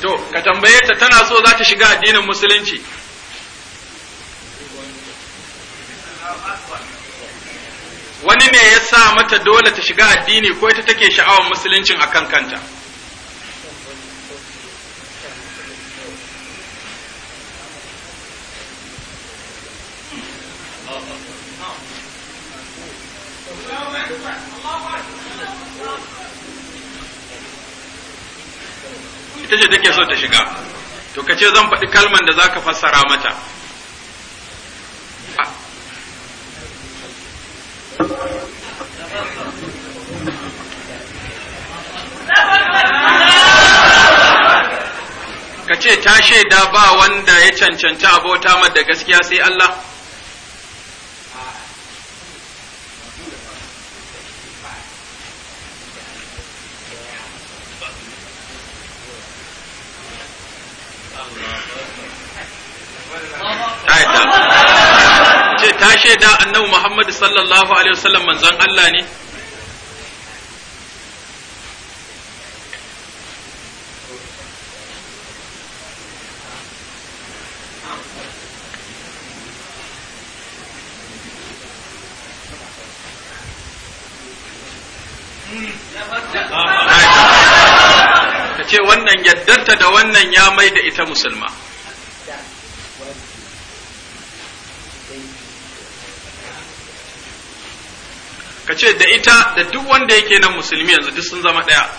to ka tambaye ta tana so za ta shiga addinin musulunci wani ne ya sa mata dole ta shiga addini ko ita take sha'awar musuluncin akan kanta ita ce take so ta shiga to ka ce zan faɗi kalman da za ka fassara mata ka ce ta shaida ba wanda ya cancanta abota da gaskiya sai Allah ayata ce ta shaida annabi Muhammad sallallahu alaihi wasallam manzon Allah ne ce wannan yaddarta da wannan ya mai da ita musulma ka ce da ita da duk wanda yake nan musulmi yanzu duk sun zama ɗaya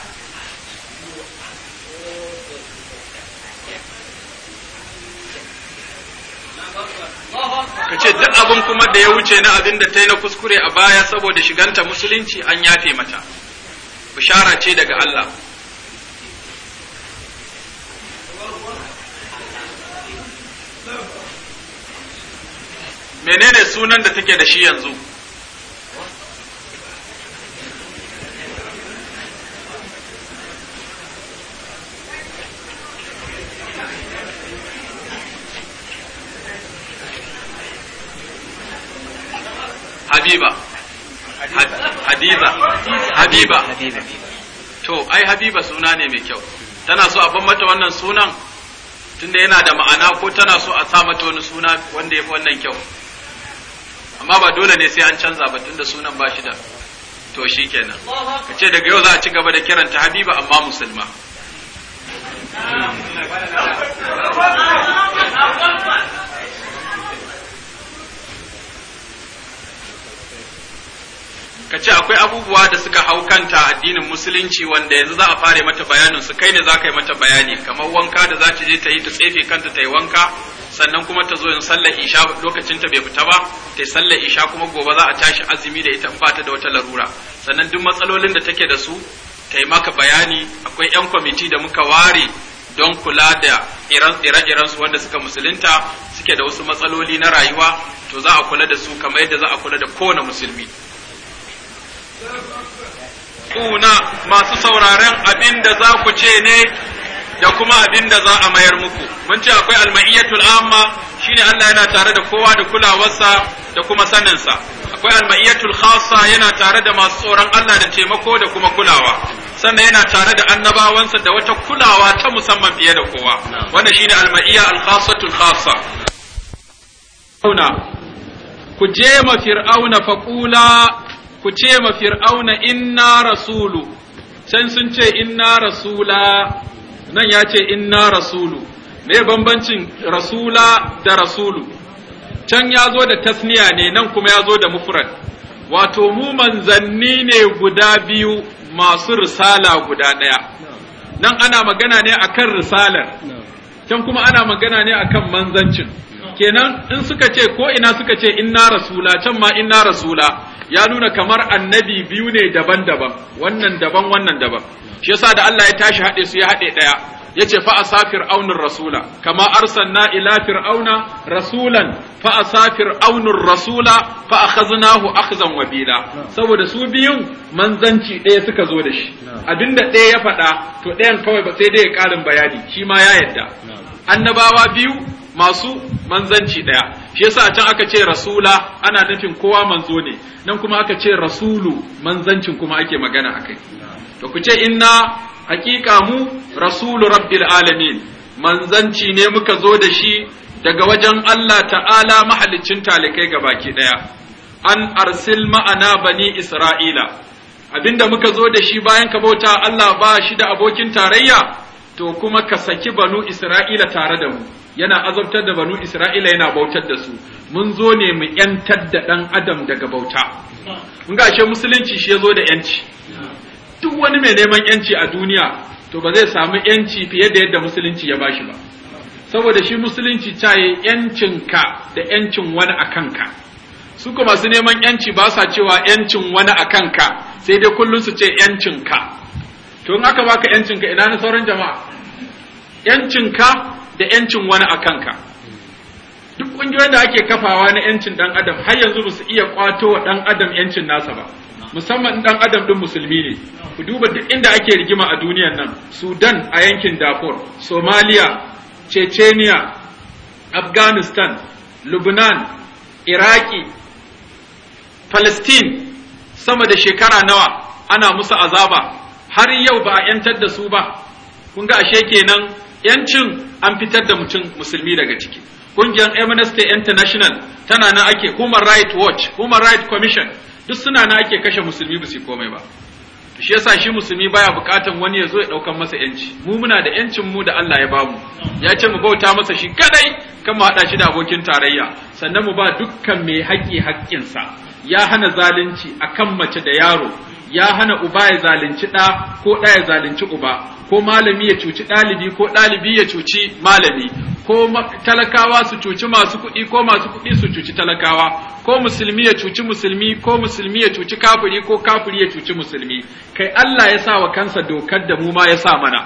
ka ce duk abin kuma da ya wuce na abin da ta yi na kuskure a baya saboda shiganta musulunci an yafe mata bishara ce daga Allah menene sunan da take da shi yanzu habiba habiba habiba to ai habiba suna ne mai kyau tana so a ban mata wannan sunan tunda yana da ma'ana ko tana so a sa mata wani suna wanda ya fi wannan kyau amma ba dole ne sai an canza ba tunda sunan ba shi da to shi kenan kace daga yau za a ci gaba da kiranta habiba amma musulma [LAUGHS] ka ce akwai abubuwa da suka hau kanta addinin musulunci wanda yanzu za a fara mata bayanin su kai ne za ka yi mata bayani kamar wanka da za ta je ta yi ta tsefe kanta ta yi wanka sannan kuma ta zo yin sallar isha lokacin ta bai fita ba ta yi sallar isha kuma gobe za a tashi azumi da ita in ba ta da wata larura sannan duk matsalolin da take da su ta yi maka bayani akwai yan kwamiti da muka ware don kula da ire-iren su wanda suka musulunta suke da wasu matsaloli na rayuwa to za a kula da su kamar yadda za a kula da kowane musulmi Kuna masu sauraren abin da za ku ce ne da kuma abin da za a mayar muku. Mun ce akwai alma'iyatul amma shine Allah yana tare da kowa da kulawarsa da kuma saninsa. Akwai alma'iyatul khassa yana tare da masu tsoron Allah da taimako da kuma kulawa. Sannan yana tare da annabawansa da wata kulawa ta musamman fiye da kowa. Wannan shine alma'iyya alkhassatul khassa kuna Ku je ma fir'auna faqula ku ce ma fir'auna inna rasulu can sun ce inna rasula nan ya ce inna rasulu me bambancin rasula da rasulu can ya zo da tasniya ne nan kuma ya zo da mufrad wato mu manzanni ne guda biyu masu risala guda ɗaya nan ana magana ne akan risalar can kuma ana magana ne akan manzancin kenan in suka ce ko ina suka ce inna rasula can ma inna rasula ya nuna kamar annabi biyu ne daban-daban wannan daban wannan daban shi yasa da Allah ya tashi haɗe su ya haɗe ɗaya ya fa asafir aunur rasula kama arsalna ila fir'auna rasulan fa asafir rasula fa akhaznahu akhzan wabila saboda su biyun manzanci ɗaya suka zo da shi abinda ɗaya ya faɗa to ɗayan kawai ba sai dai ya ƙarin bayani shi ma ya yadda annabawa biyu masu manzanci daya shi yasa can aka ce rasula ana nufin kowa manzo ne nan kuma aka ce rasulu manzancin kuma ake magana akai to ku ce inna hakika mu rasulu rabbil alamin manzanci ne muka zo da shi daga wajen Allah ta'ala mahalicin talikai ga baki ɗaya an arsil ma'ana bani isra'ila abinda muka zo da shi bayan ka bauta Allah ba shi da abokin tarayya to kuma ka saki banu isra'ila tare da mu yana azabtar da banu Isra'ila yana bautar da su mun zo ne mu yantar da dan adam daga bauta mun ga ashe musulunci shi yazo da yanci duk wani mai neman yanci a duniya to ba zai samu yanci fiye da yadda musulunci ya bashi ba saboda shi musulunci yi yancinka da yancin wani a kanka su kuma masu neman yanci ba sa cewa yancin wani a kanka sai dai kullum su ce ka. to in aka baka yancinka ina na sauran jama'a yancinka da ‘yancin wani a kanka. Duk ƙungiyoyin da ake kafawa na ‘yancin ɗan adam har yanzu ba su iya ƙwato wa ɗan adam ‘yancin nasa ba, musamman ɗan adam ɗin musulmi ne. Ku duba duk inda ake rigima a duniyar nan, Sudan a yankin Darfur, Somalia, Chechenia, Afghanistan, Lubnan, Iraki, Palestine, sama da shekara nawa ana musu azaba, har yau ba a ‘yantar da su ba, kun ga ashe kenan yancin an fitar da mutum musulmi daga ciki kungiyar Amnesty International tana na ake Human Rights Watch Human Rights Commission duk suna na ake kashe musulmi ba su komai ba to shi yasa shi musulmi baya bukatan wani ya zo ya daukan masa yanci mu muna da yancin mu da Allah ya bamu ya ce mu bauta masa shi kadai kan mu hada shi da abokin tarayya sannan mu ba dukkan mai haƙi haƙƙinsa ya hana zalunci akan mace da yaro ya hana uba ya zalunci ɗa ko ɗa ya zalunci uba ko malami ya cuci ɗalibi ko ɗalibi ya cuci malami ko talakawa su cuci masu kuɗi ko masu kuɗi su cuci talakawa ko musulmi ya cuci musulmi ko musulmi ya cuci kafiri ko kafiri ya cuci musulmi kai Allah ya sa wa kansa dokar da mu ma ya sa mana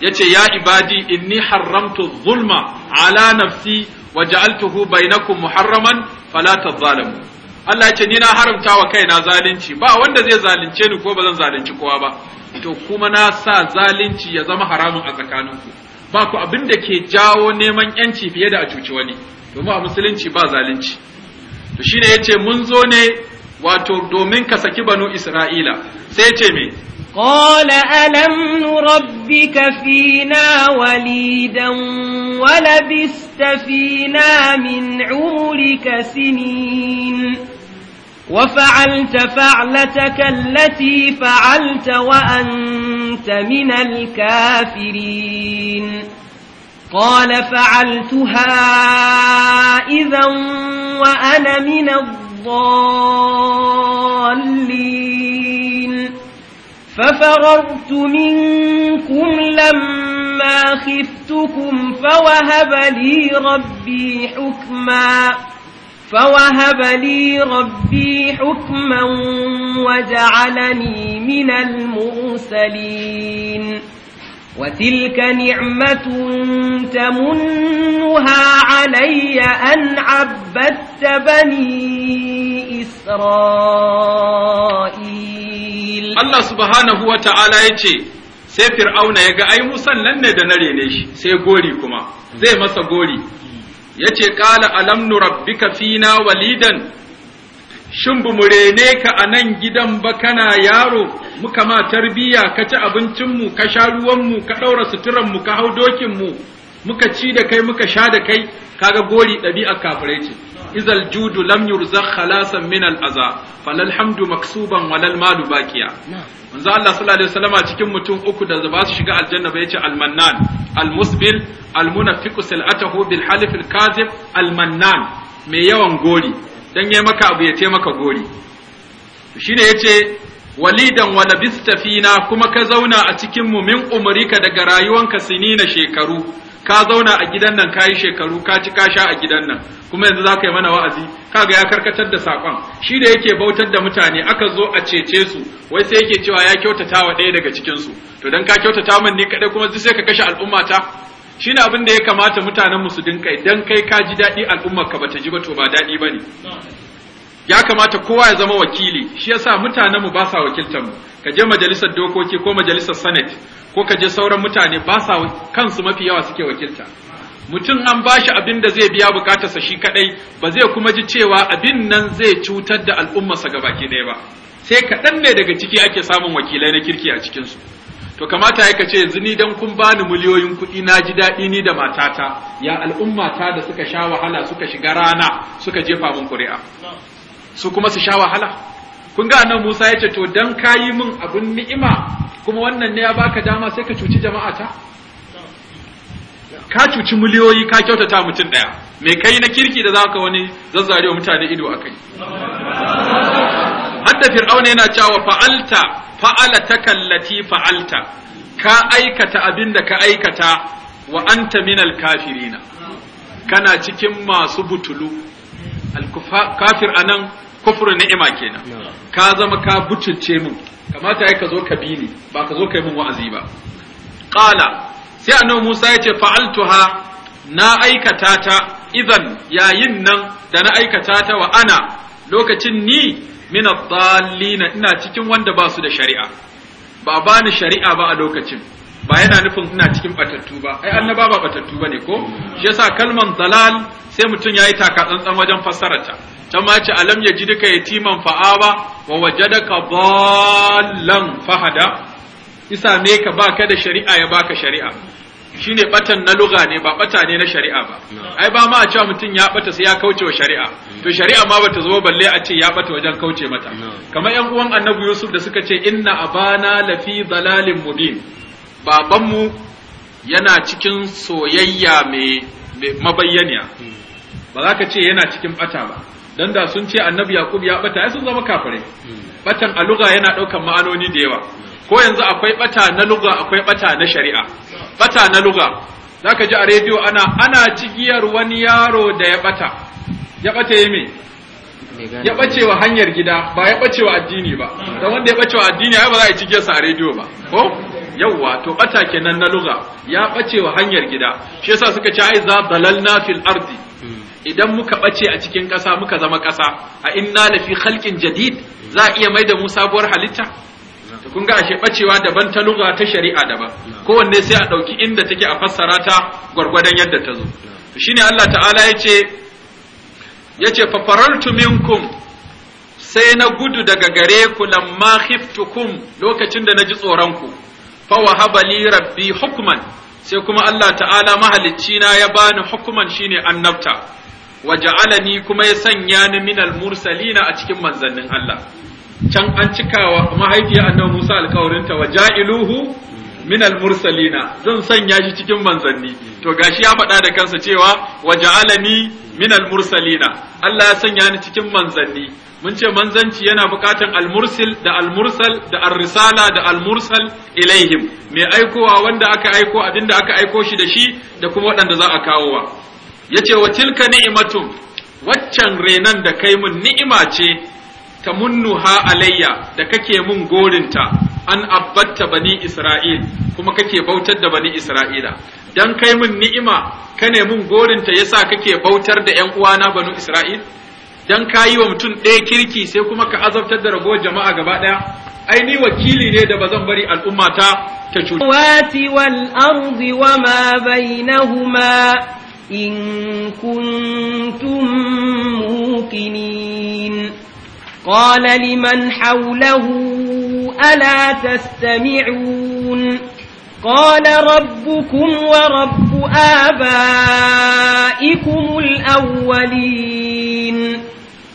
yace ya ibadi inni haramtu zulma ala nafsi wa ja'altuhu bainakum muharraman fala tadhalamu Allah ce ni na haramta wa kaina zalunci ba wanda zai zalunce ni ko ba zan zalunci kowa ba to kuma na sa zalunci ya zama haramun a tsakaninku ba ku abin da ke jawo neman yanci fiye da a cuci wani domin a musulunci ba zalunci to shine yace mun zo ne wato domin ka saki banu Isra'ila sai ce me قال ألم نربك فينا وليدا ولبست فينا من عمرك سنين وفعلت فعلتك التي فعلت وأنت من الكافرين قال فعلتها إذا وأنا من الضالين ففررت منكم لما خفتكم فوهب لي ربي حكماً فوهب لي ربي حكما وجعلني من المرسلين وتلك نعمة تمنها علي أن عبدت بني إسرائيل الله سبحانه وتعالى يتي sai fir'auna ya ga ai musan nan ne da na rene shi sai gori kuma zai masa gori yace qala alam nurabbika fina walidan shin bu murene ka a nan gidan ba kana yaro muka ma tarbiya ka ci abincinmu ka sha ruwanmu ka ɗaura suturanmu ka hau dokinmu muka ci da kai muka sha da kai kaga gori ɗabi'a kafirai ce izal judu lam yurzakh khalasan min al aza falal hamdu maksuban walal malu baqiya manzo Allah sallallahu alaihi wasallama cikin mutum uku da ba su shiga aljannaba ba yace al al musbil al munafiqu sal'atahu bil halif al kazib al mannan mai yawan gori dan yayi maka abu ya ce maka gori shine yace walidan wa labista fina kuma ka zauna a cikin mu min umrika daga rayuwanka sinina shekaru ka zauna a gidan nan ka yi shekaru ka ci ka sha a gidan nan kuma yanzu za ka yi mana wa'azi kaga ya karkatar da sakon shi da yake bautar da mutane aka zo a cece su wai sai yake cewa ya kyautata wa ɗaya daga cikin su to dan ka kyautata min ne kaɗai kuma sai ka kashe al'ummata shi ne abin da ya kamata mutanen mu su dinka idan kai ka ji daɗi al'ummar ka bata ji ba to ba daɗi bane ya kamata kowa ya zama wakili shi yasa mutanen mu ba sa wakiltar mu ka je majalisar dokoki ko majalisar senate ko ka je sauran mutane ba sa kansu mafi yawa suke wakilta mutum an ba shi abin da zai biya bukatarsa shi kadai ba zai kuma ji cewa abin nan zai cutar da al'ummarsa baki ɗaya ba sai kaɗan ne daga ciki ake samun wakilai na kirki a cikinsu to kamata ya kace yanzu ni dan kun bani miliyoyin kuɗi na ji daɗi ni da matata ya al'ummata da suka sha wahala suka shiga rana suka jefa min ƙuri'a su kuma su sha wahala kun ga nan Musa ya ce to dan kayi min abun ni'ima kuma wannan ne ya baka dama sai ka cuci jama'a ta ka cuci miliyoyi ka kyautata mutum daya me kai na kirki da zaka wani zazzarewa mutane ido akai hadda fir'auna yana cewa fa'alta fa'ala takallati fa'alta ka aikata abin da ka aikata wa anta minal kafirina kana cikin masu butulu al kafir anan kufru ni'ima kenan ka zama ka bucince min kamata ai ka zo ka bi ni ba ka zo ka yi min wa'azi ba qala sai annabi Musa ya ce fa'altuha na aikata ta idan yayin nan da na aikata ta wa ana lokacin ni min ad ina cikin wanda ba su da shari'a ba bani shari'a ba a lokacin ba yana nufin ina cikin batattu ba ai annaba ba batattu bane ko shi yasa kalman dalal sai mutum yayi taka tsantsan wajen fassarar ta can ma ce alam ya yatiman fa'aba wa wajadaka dallan fahada isa ne ka baka da shari'a ya baka shari'a shine batan na luga ne ba bata ne na shari'a ba ai ba ma a cewa mutum ya bata sai ya kauce wa shari'a to shari'a ma bata zo balle a ce ya bata wajen kauce mata kamar yan uwan annabi Yusuf da suka ce inna abana lafi dalalin mubin babanmu yana cikin soyayya mai mabayyaniya ba za ka ce yana cikin bata ba dan da sun ce annabi yaqub ya bata ai sun zama kafirai batan a lugha yana daukan ma'anoni da yawa ko yanzu akwai bata na lugha akwai bata na shari'a bata na lugha zaka ji a rediyo ana ana cigiyar wani yaro da ya bata ya bata Me ya bace wa hanyar gida ba ya bace wa addini ba dan wanda ya bace wa addini ai ba za a cigiyar sa a rediyo ba ko yawwa to bata kenan na lugha ya bace wa hanyar gida shi yasa suka ce ai za dalalna fil ardi hmm. idan muka bace a cikin ƙasa muka zama ƙasa a inna fi khalqin jadid za a iya maida mu sabuwar halitta to kun ga ashe bacewa daban ta lugha ta shari'a daban hmm. kowanne sai a dauki inda take a fassara ta gwargwadon yadda ta zo hmm. to shine Allah ta'ala yace yace fa farartu minkum sai na gudu daga gare ku lamma khiftukum lokacin da naji tsoron ku fa li rabbi hukman sai kuma Allah ta'ala mahalicci na ya bani hukuman shine annabta wa ja'alani kuma ya sanya ni minal mursalina a cikin manzannin Allah can an cikawa mahaifiya annabi Musa alƙawarinta wa ja'iluhu minal mursalina zan sanya shi cikin manzanni to gashi ya faɗa da kansa cewa waja'alani minal mursalina Allah ya sanya ni cikin manzanni mun ce manzanci yana bukatan almursil da almursal da arrisala da almursal ilaihim mai aikowa wanda aka aiko abinda aka aiko shi da shi da kuma waɗanda za a wa yace wa tilka ni'matun waccan renan da kai mun ni'ima ce ta munnuha alayya da kake mun gorinta an abbatta bani isra'il kuma kake bautar da bani isra'ila dan kai mun ni'ima ka ne mun gorinta yasa kake bautar da ƴan uwana banu isra'il dan kayi wa mutum ɗaya kirki sai kuma ka azabtar da ragowar jama'a gaba ɗaya ai ni wakili ne da bazan bari al'umma ta ta cuta wati wal ardi wa ma bainahuma in kuntum muqinin قال لمن حوله ألا تستمعون قال ربكم ورب آبائكم الأولين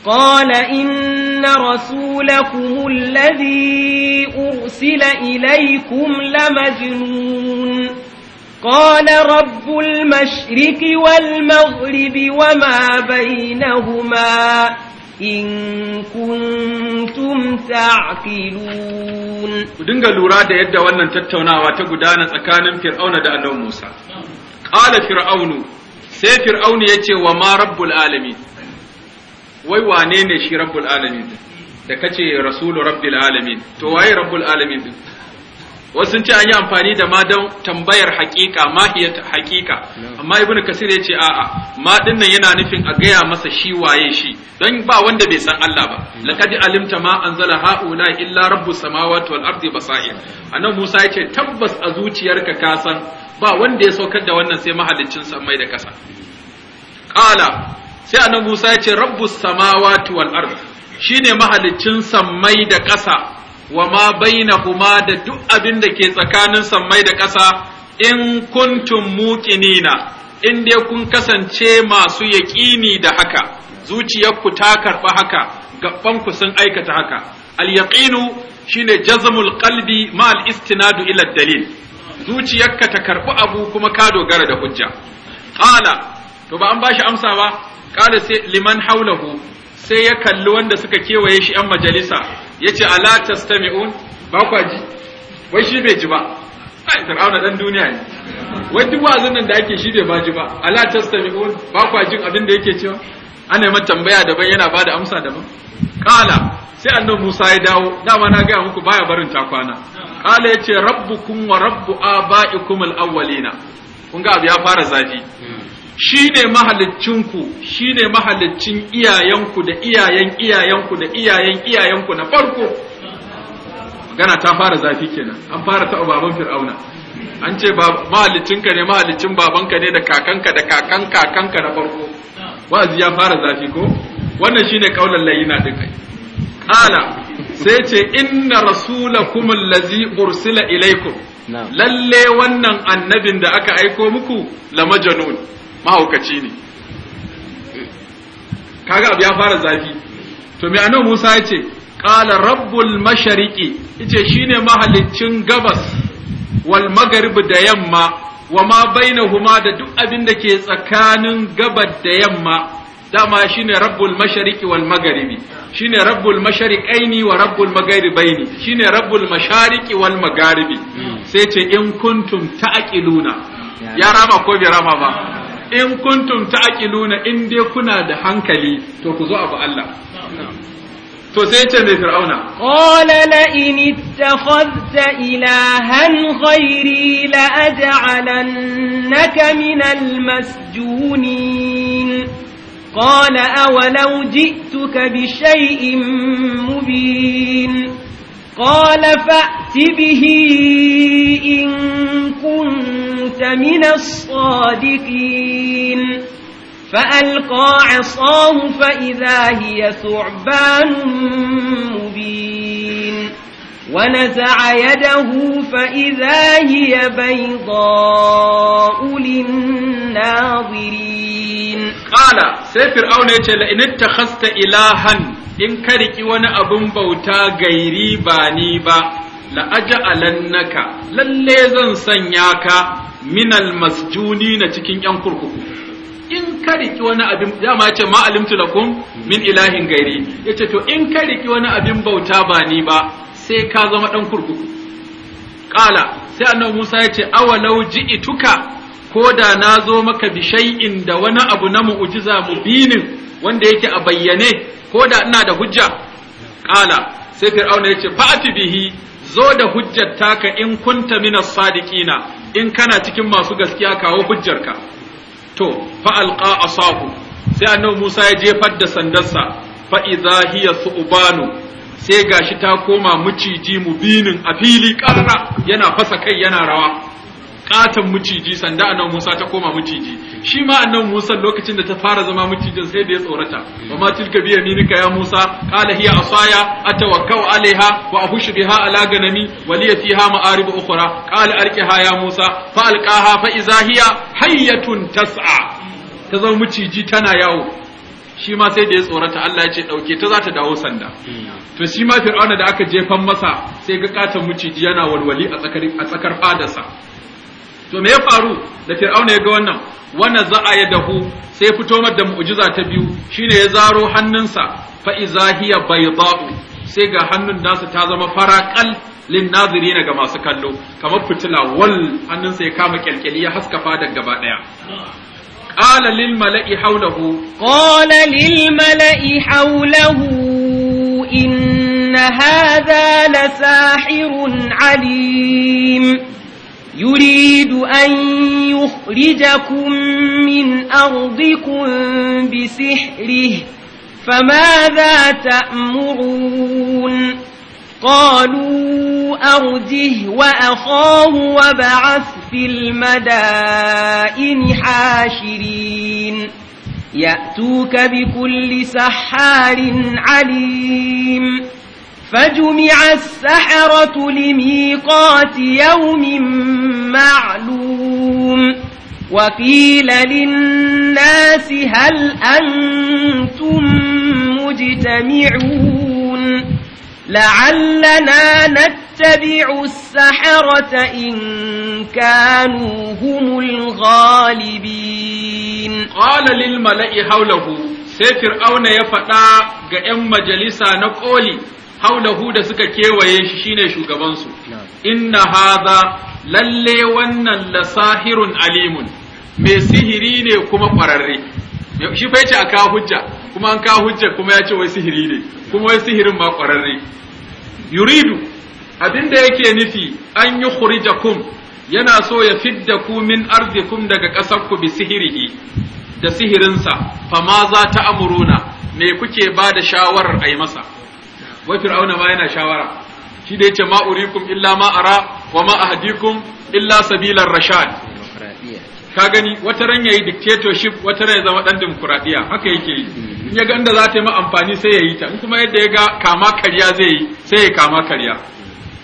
قال إن رسولكم الذي أرسل إليكم لمجنون قال رب المشرك والمغرب وما بينهما in kuntum ta'qilun ku dinga lura da yadda wannan tattaunawa ta gudana tsakanin fir'auna da annabi Musa qala fir'aunu sai fir'aunu yace wa ma rabbul alamin wai wane ne shi rabbul alamin da kace rasulu rabbil alamin to waye rabbul alamin din wasu sun ce an yi amfani da ma don tambayar hakika mahiyat hakika amma ibn kasir ya ce a'a ma nan yana nufin a gaya masa shi waye shi don ba wanda bai san Allah ba mm. laqad alimta ma anzala haula illa rabbus samawati wal ardi basair annabi Musa ya ce tabbas a zuciyarka ka san ba wanda ya saukar da wannan sai mahaliccin samai da kasa qala sai annabi Musa ya ce rabbus samawati wal ardi shine mahaliccin sammai da kasa wa ma bainahuma da duk abin da ke tsakanin sammai da ƙasa in kuntum muqinina in dai kun kasance masu yaƙini da haka zuciyarku ta karɓa haka gaɓanku sun aikata haka al-yaqinu shine jazmul qalbi ma al-istinadu ila dalil zuciyarka ta karɓi abu kuma ka dogara da hujja qala to ba an bashi amsa ba qala sai liman hawlahu sai ya kalli wanda suka kewaye shi yan majalisa yace ala tastami'un ba kwa ji wai shi bai ji ba ai fir'auna dan duniya ne wai duk wazin nan da ake shi bai baji ba ala tastami'un ba kwa jin abin da yake cewa ana yi tambaya daban yana ba da amsa daban kala sai annabi Musa ya dawo dama na gaya muku baya barin takwana kala yace rabbukum wa rabbu abaikum al-awwalina kun ga abu ya fara zafi hmm. shi ne mahalicinku shi ne mahalicin iyayenku da iyayen iyayenku da iyayen iyayenku na farko magana ta fara zafi kenan an fara taɓa baban fir'auna an ce mahalicinka ne mahalicin babanka ne da kakanka da kakan kakanka na farko wa'azi ya fara zafi ko wannan shine kaulan layina din kai kala sai ce inna rasulakum allazi ursila ilaikum lalle wannan annabin da aka aiko muku la majnun mahaukaci ne kaga abu ya fara zafi to me annabi Musa ya ce qala rabbul mashariqi yace shine mahaliccin gabas wal maghrib da yamma wa ma huma da duk abin da ke tsakanin gabar da yamma dama shine rabbul mashariqi wal Shi shine rabbul mashariqaini wa rabbul Shi shine rabbul mashariqi wal magaribi. Hmm. sai ce in kuntum ta'qiluna ya rama ko bai rama ba in kuntum ta'qiluna in dai kuna da hankali to ku zo abu Allah to sai ce mai fir'auna qala la in ittakhadhta ilahan ghairi la aj'alannaka minal masjunin qala awalau ji'tuka bi shay'in mubin qala fa'ti bihi لمن الصادقين فألقى عصاه فإذا هي ثعبان مبين ونزع يده فإذا هي بيضاء للناظرين قال سيفر أولي لئن اتخذت إلها إن كرك وانا أبن بوتا غيري باني با la'aja'alannaka lalle zan sanya ka minal masjuni na cikin yan kurkuku in ka riki wani abin dama ya ma alimtu lakum min ilahin gairi yace to in ka riki wani abin bauta ba ni ba sai ka zama dan kurkuku Ƙala, sai annabi Musa yace ce awalau ji'ituka ko da na zo maka bi shay'in da wani abu na mu'jiza binin wanda yake a bayyane ko da ina da hujja qala sai fir'auna yace ce fa'ati bihi zo da hujjar taka in kunta minas sadiqina in kana cikin masu gaskiya kawo hujjarka to fa alqa asahu sai annabi Musa ya jefar da sandarsa fa idza hiya su'banu sai gashi ta koma muciji mubinin a fili karra yana fasa kai yana rawa Ƙaton muciji sanda annabi Musa ta koma muciji shi ma annan Musa lokacin da ta fara zama macijin sai da ya tsorata wa ma tilka bi yaminika ya Musa qala hiya asaya atawakkau alaiha wa ahushu biha ala ganami wa li fiha ma'arib ukhra qala alqiha ya Musa fa alqaha fa idha hiya hayyatun tas'a ta zama maciji tana yawo shi ma sai da ya tsorata Allah ya ce dauke ta za ta dawo sanda to shi ma fir'auna da aka jefan masa sai ga katon maciji yana walwali a tsakar a tsakar fadarsa to me ya faru da fir'auna ya ga wannan wannan za'a ya dahu sai fito mar da mu'jiza ta biyu shine ya zaro hannunsa fa izahiya bayda'u sai ga hannun nasa ta zama farakal lin nazirina ga masu kallo kamar fitila wal hannunsa ya kama kyalkyali ya haska fadar gaba daya قال للملأ حوله قال للملأ حوله إن هذا لساحر عليم يريد أن يخرجكم من أرضكم بسحره فماذا تأمرون قالوا أرجه وأخاه وبعث في المدائن حاشرين يأتوك بكل سحار عليم فجمع السحرة لميقات يوم معلوم وقيل للناس هل أنتم مجتمعون لعلنا نتبع السحرة إن كانوا هم الغالبين قال للملأ حوله سفر أون يفتع قائم مجلسا نقولي haulahu da suka kewaye shi shine shugabansu inna haza, lalle wannan lasahirun alimun mai sihiri ne kuma kwararre shi fa yace aka hujja kuma an ka hujja kuma ce wai sihiri ne kuma wai sihirin ma kwararre yuridu abinda yake nufi an yukhrijakum yana so ya fidda ku min ardikum daga ƙasar ku bi sihirihi da sihirinsa fama za ta amuruna me kuke ba da shawarar yi masa wai fir'auna ma yana shawara shi da yace ma urikum illa ma ara wa ma ahdikum illa sabilar rashad ka gani wata ran yayi dictatorship wata ran ya zama dan demokradiya haka yake yi in ya ga inda za ta yi ma amfani sai ya yi ta in kuma yadda ya ga kama karya zai yi sai ya kama karya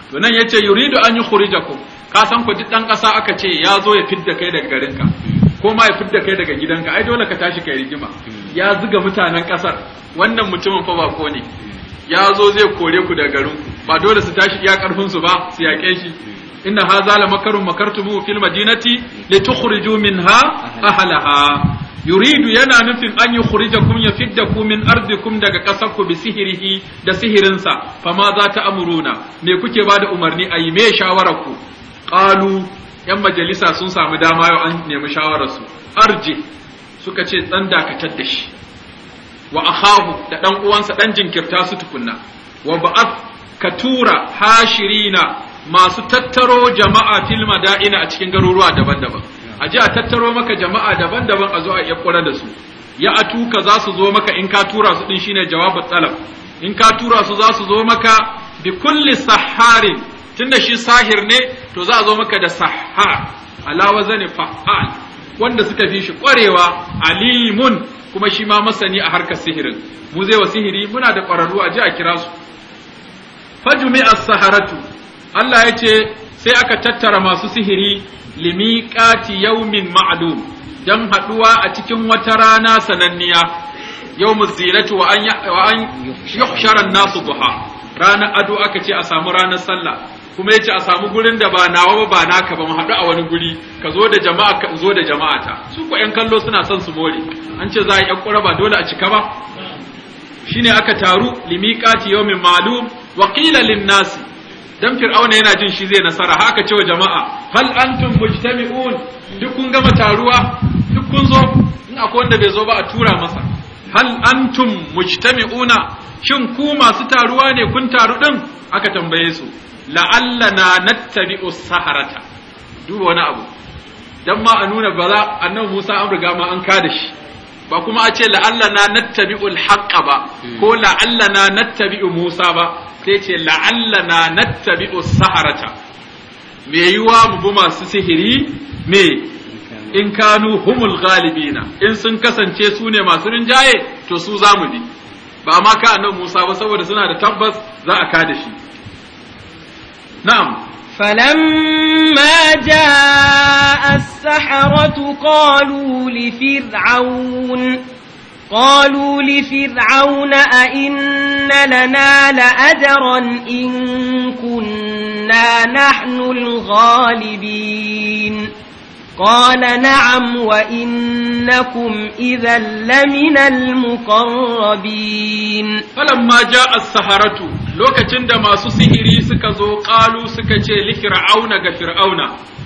to nan yace yuridu an yukhrijakum ka san ku duk dan kasa aka ce ya zo ya fidda kai daga garinka ko ma ya fidda kai daga gidanka ai dole ka tashi kai rigima ya zuga mutanen kasar wannan mutumin fa ko ne ya zo zai kore ku da garin ku ba dole su tashi iya karfin su ba su yake shi inna hadha la makarun makartumu fil madinati ha. minha ahlaha yuridu yana nufin an yi kum ya fidda ku min ardikum daga ƙasar ku bi sihirihi da sihirinsa fama za ta amuruna me kuke ba da umarni a yi me shawarar ku qalu yan majalisa sun samu dama yau an nemi shawarar su arji suka ce dan dakatar da shi wa akhahu da dan uwansa dan jinkirta su tukunna wa ba'at katura hashirina masu tattaro jama'a fil mada'ina a cikin garuruwa daban-daban a ji a tattaro maka jama'a daban-daban a zo a yakkura da su ya atuka za su zo maka in ka tura su din shine jawabu talab in ka tura su za su zo maka bi kulli saharin tunda shi sahir ne to za a zo maka da sahar alawa zane fa'al wanda suka fi shi kwarewa alimun kuma shi ma masani a harkar sihirin mu zai wa sihiri muna da kwararru a ji a kira su fajumi as-saharatu Allah ya ce sai aka tattara masu sihiri limiqati yawmin ma'lum dan haɗuwa a cikin wata rana sananniya yau zinatu wa an wa an yuhshara an-nasu duha ranar ado aka ce a samu ranar sallah kuma yace a samu gurin da ba nawa ba ba naka ba mu haɗu a wani guri ka zo da jama'a ka zo da jama'a su ko ƴan kallo suna son su more an ce za a yi ƴan ƙura ba dole a cika ba shine aka taru limiqati yawmin ma'lum wa qila lin-nas dan fir'auna yana jin shi zai nasara haka cewa jama'a hal antum mujtami'un duk kun gama taruwa duk kun zo in akwai wanda bai zo ba a tura masa hal antum mujtami'una shin ku masu taruwa ne kun taru din aka tambaye su la'allana nattabi'u saharata duba wani abu dan ma a nuna ba za annabi Musa an riga ma an kada shi ba kuma a ce la'allana nattabi'ul haqqa ba hmm. ko la'allana nattabi'u Musa ba sai ce la'allana nattabi'u saharata me yiwa mu bi masu sihiri me in kanu humul ghalibina in sun kasance su ne masu rinjaye to su zamu bi ba ma ka annabi Musa ba saboda suna da tabbas za a kada shi نعم فلما جاء السحرة قالوا لفرعون قالوا لفرعون أئن لنا لأجرا إن كنا نحن الغالبين قال نعم وإنكم إذا لمن المقربين فلما جاء السحرة لوكتن دا ماسو سهري سكزو قالوا سكتي لفرعون كفرعون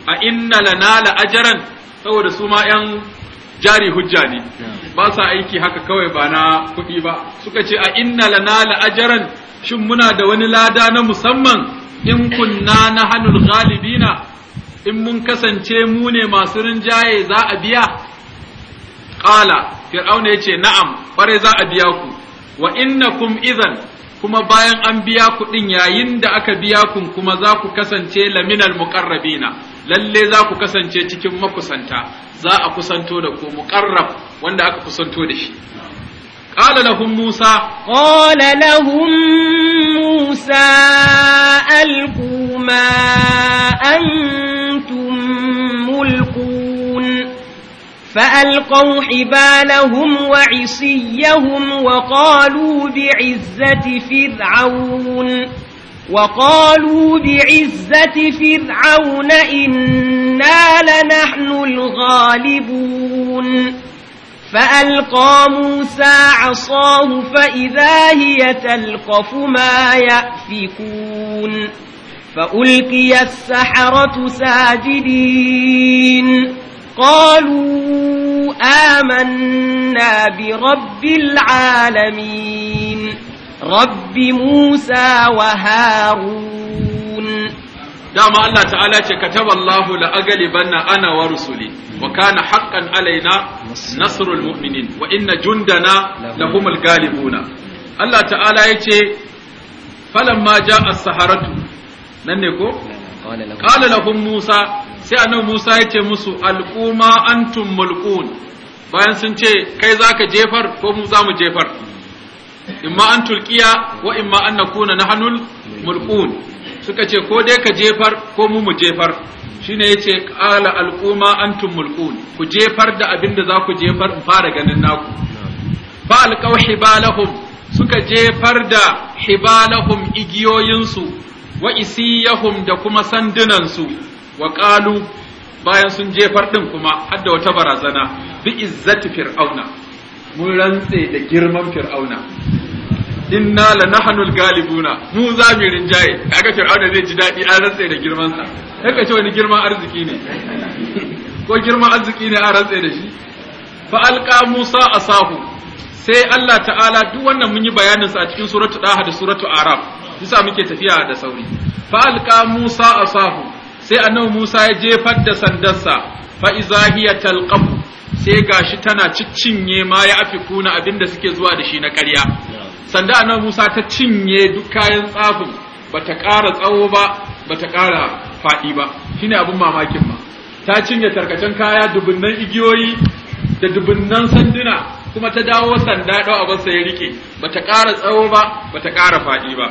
أئن لنا لأجرا سوى رسوما ين jari hujja ne ba sa aiki haka kawai ba na kuɗi ba suka ce a inna lana la'ajaran shin muna da wani lada na musamman in kunna na hannun galibina in mun kasance mu ne masu rinjaye za a biya Ƙala, fir'auna yace na'am kware za a biya ku wa kum izan. kuma bayan an biya ku din yayin da aka biya ku kuma za ku kasance laminal na? lalle za ku kasance cikin makusanta za a kusanto da ku muƙarrab wanda aka kusanto da shi Ƙala لهم Musa, قال na موسى ألقوا an فألقوا حبالهم وعصيهم وقالوا بعزة فرعون وقالوا بعزة فرعون إنا لنحن الغالبون فألقى موسى عصاه فإذا هي تلقف ما يأفكون فألقي السحرة ساجدين قالوا آمنا برب العالمين رب موسى وهارون دام الله تعالى كتب الله لأغلبن أنا ورسلي وكان حقا علينا نصر المؤمنين وإن جندنا لهم الغالبون الله تعالى يتي فلما جاء السحرة ننكو قال لهم موسى sai annabi Musa ya ce musu alquma antum mulqun bayan sun ce kai zaka jefar ko mu za mu jefar imma an tulqiya wa imma an nakuna nahnul mulqun suka ce ko dai ka jefar ko mu mu jefar shine yace qala alquma antum mulqun ku jefar da abinda za ku jefar in fara ganin naku fa alqaw hibalahum suka jefar da hibalahum igiyoyinsu wa isiyahum da kuma sandunansu wa qalu bayan sun jefar ɗin kuma hadda wata barazana bi izzati fir'auna mun rantse da girman fir'auna inna la nahnul galibuna mu za mu rinjaye kaga fir'auna zai ji dadi an rantse da girman sa kaga ce wani girman arziki ne ko girman arziki ne an rantse da shi fa alqa musa asahu sai Allah ta'ala duk wannan mun yi bayanin sa a cikin suratu daha da suratu araf bisa muke tafiya da sauri fa alqa musa asahu sai annabi Musa ya jefar da sandarsa fa izahiya talqab sai gashi tana ciccinye ma ya afikuna abinda suke zuwa da shi na ƙarya sanda annabi Musa ta cinye duk kayan tsafin bata ƙara tsawo ba bata ƙara faɗi ba shine abin mamakin ma ta cinye tarkacen kaya dubunnan igiyoyi da dubunnan sanduna kuma ta dawo sanda ɗau abinsa ya rike bata ƙara tsawo ba bata ƙara faɗi ba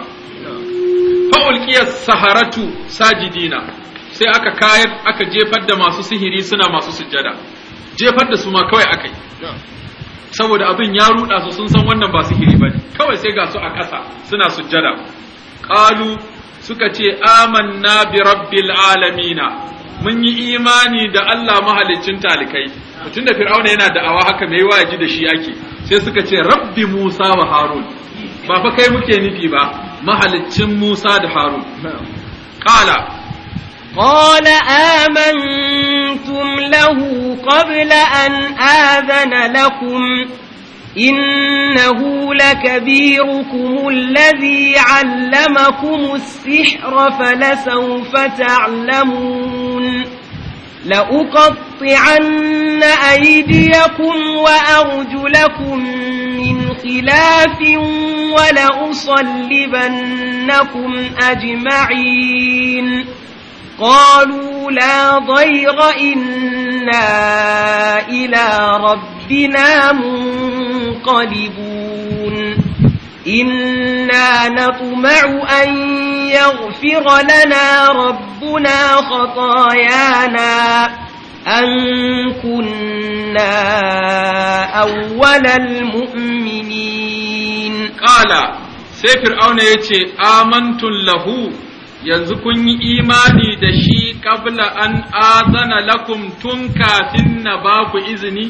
fa'ulƙiyar saharatu sajidina sai aka kayar aka jefar da masu sihiri suna masu sujjada jefar da su ma kawai aka saboda abin ya ruɗa su sun san wannan ba sihiri ba ne kawai sai ga su a ƙasa suna sujjada ƙalu suka ce amanna bi rabbil alamina mun yi imani da Allah mahalicin talikai mutum da fir'auna yana da'awa haka mai wa da shi ake sai suka ce rabbi musa wa harun ba fa kai muke nufi ba mahalicin musa da harun qala قال آمنتم له قبل أن آذن لكم إنه لكبيركم الذي علمكم السحر فلسوف تعلمون لأقطعن أيديكم وأرجلكم من خلاف ولأصلبنكم أجمعين قالوا لا ضير إنا إلى ربنا منقلبون إنا نطمع أن يغفر لنا ربنا خطايانا أن كنا أول المؤمنين قال سيفر أون يتي آمنت له yanzu kun yi imani da shi kabla an azana lakum tun kafin na ba ku izini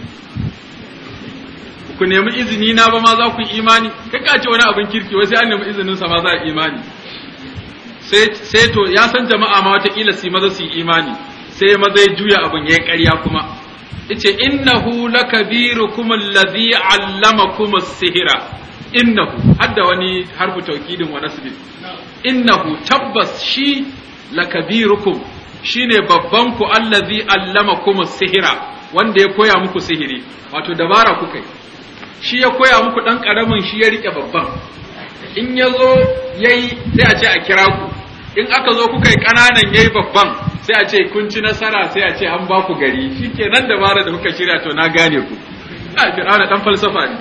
ku nemi izini na ba ma za ku imani kaka ce wani abin kirki wai sai an nemi izinin sa ma za a imani sai to ya san jama'a ma wata kila su maza su imani sai maza ya juya abin ya ƙarya kuma yace innahu lakabirukum alladhi allamakum as-sihra innahu hadda wani harfu tawkidin wa nasbin innahu tabbas shi lakabirukum shine babban ku allazi allama kuma sihira wanda ya koya muku sihiri wato dabara kuka yi shi ya koya muku dan karamin shi ya rike babban in ya zo yayi sai a ce a kira ku in aka zo kuka yi kananan yayi babban sai a ce kun ci nasara sai a ce an ba ku gari shikenan dabara da kuka shirya to na gane ku a fir'auna dan falsafa ne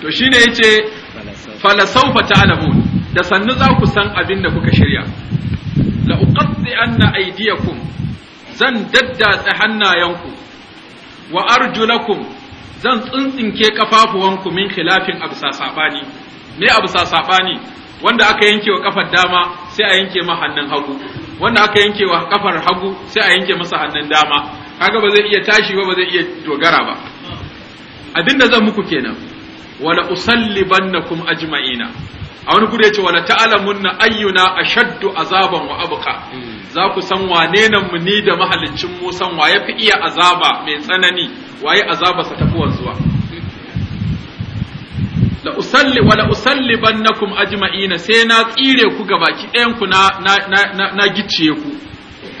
to shine yace falasaufa ta'lamun da sannu za ku san abin da kuka shirya la uqaddi anna aydiyakum zan daddatsa hannayenku wa arjulakum zan tsintsinke kafafuwanku min khilafin absa sabani me absa sabani wanda aka yanke wa kafar dama sai a yanke ma hannun hagu wanda aka yanke wa kafar hagu sai a yanke masa hannun dama kaga ba zai iya tashi ba ba zai iya dogara ba abinda zan muku kenan wala usallibannakum ajma'ina a wani gure ce wala ta'lamunna ayyuna ashaddu azaban wa abqa hmm. za ku san wane nan mu ni da mahalicin mu san waye fi iya azaba mai tsanani waye azaba sa tafi wanzuwa la usalli wala usallibannakum ajma'ina sai na tsire ku gabaki ɗayan ku na na gicciye ku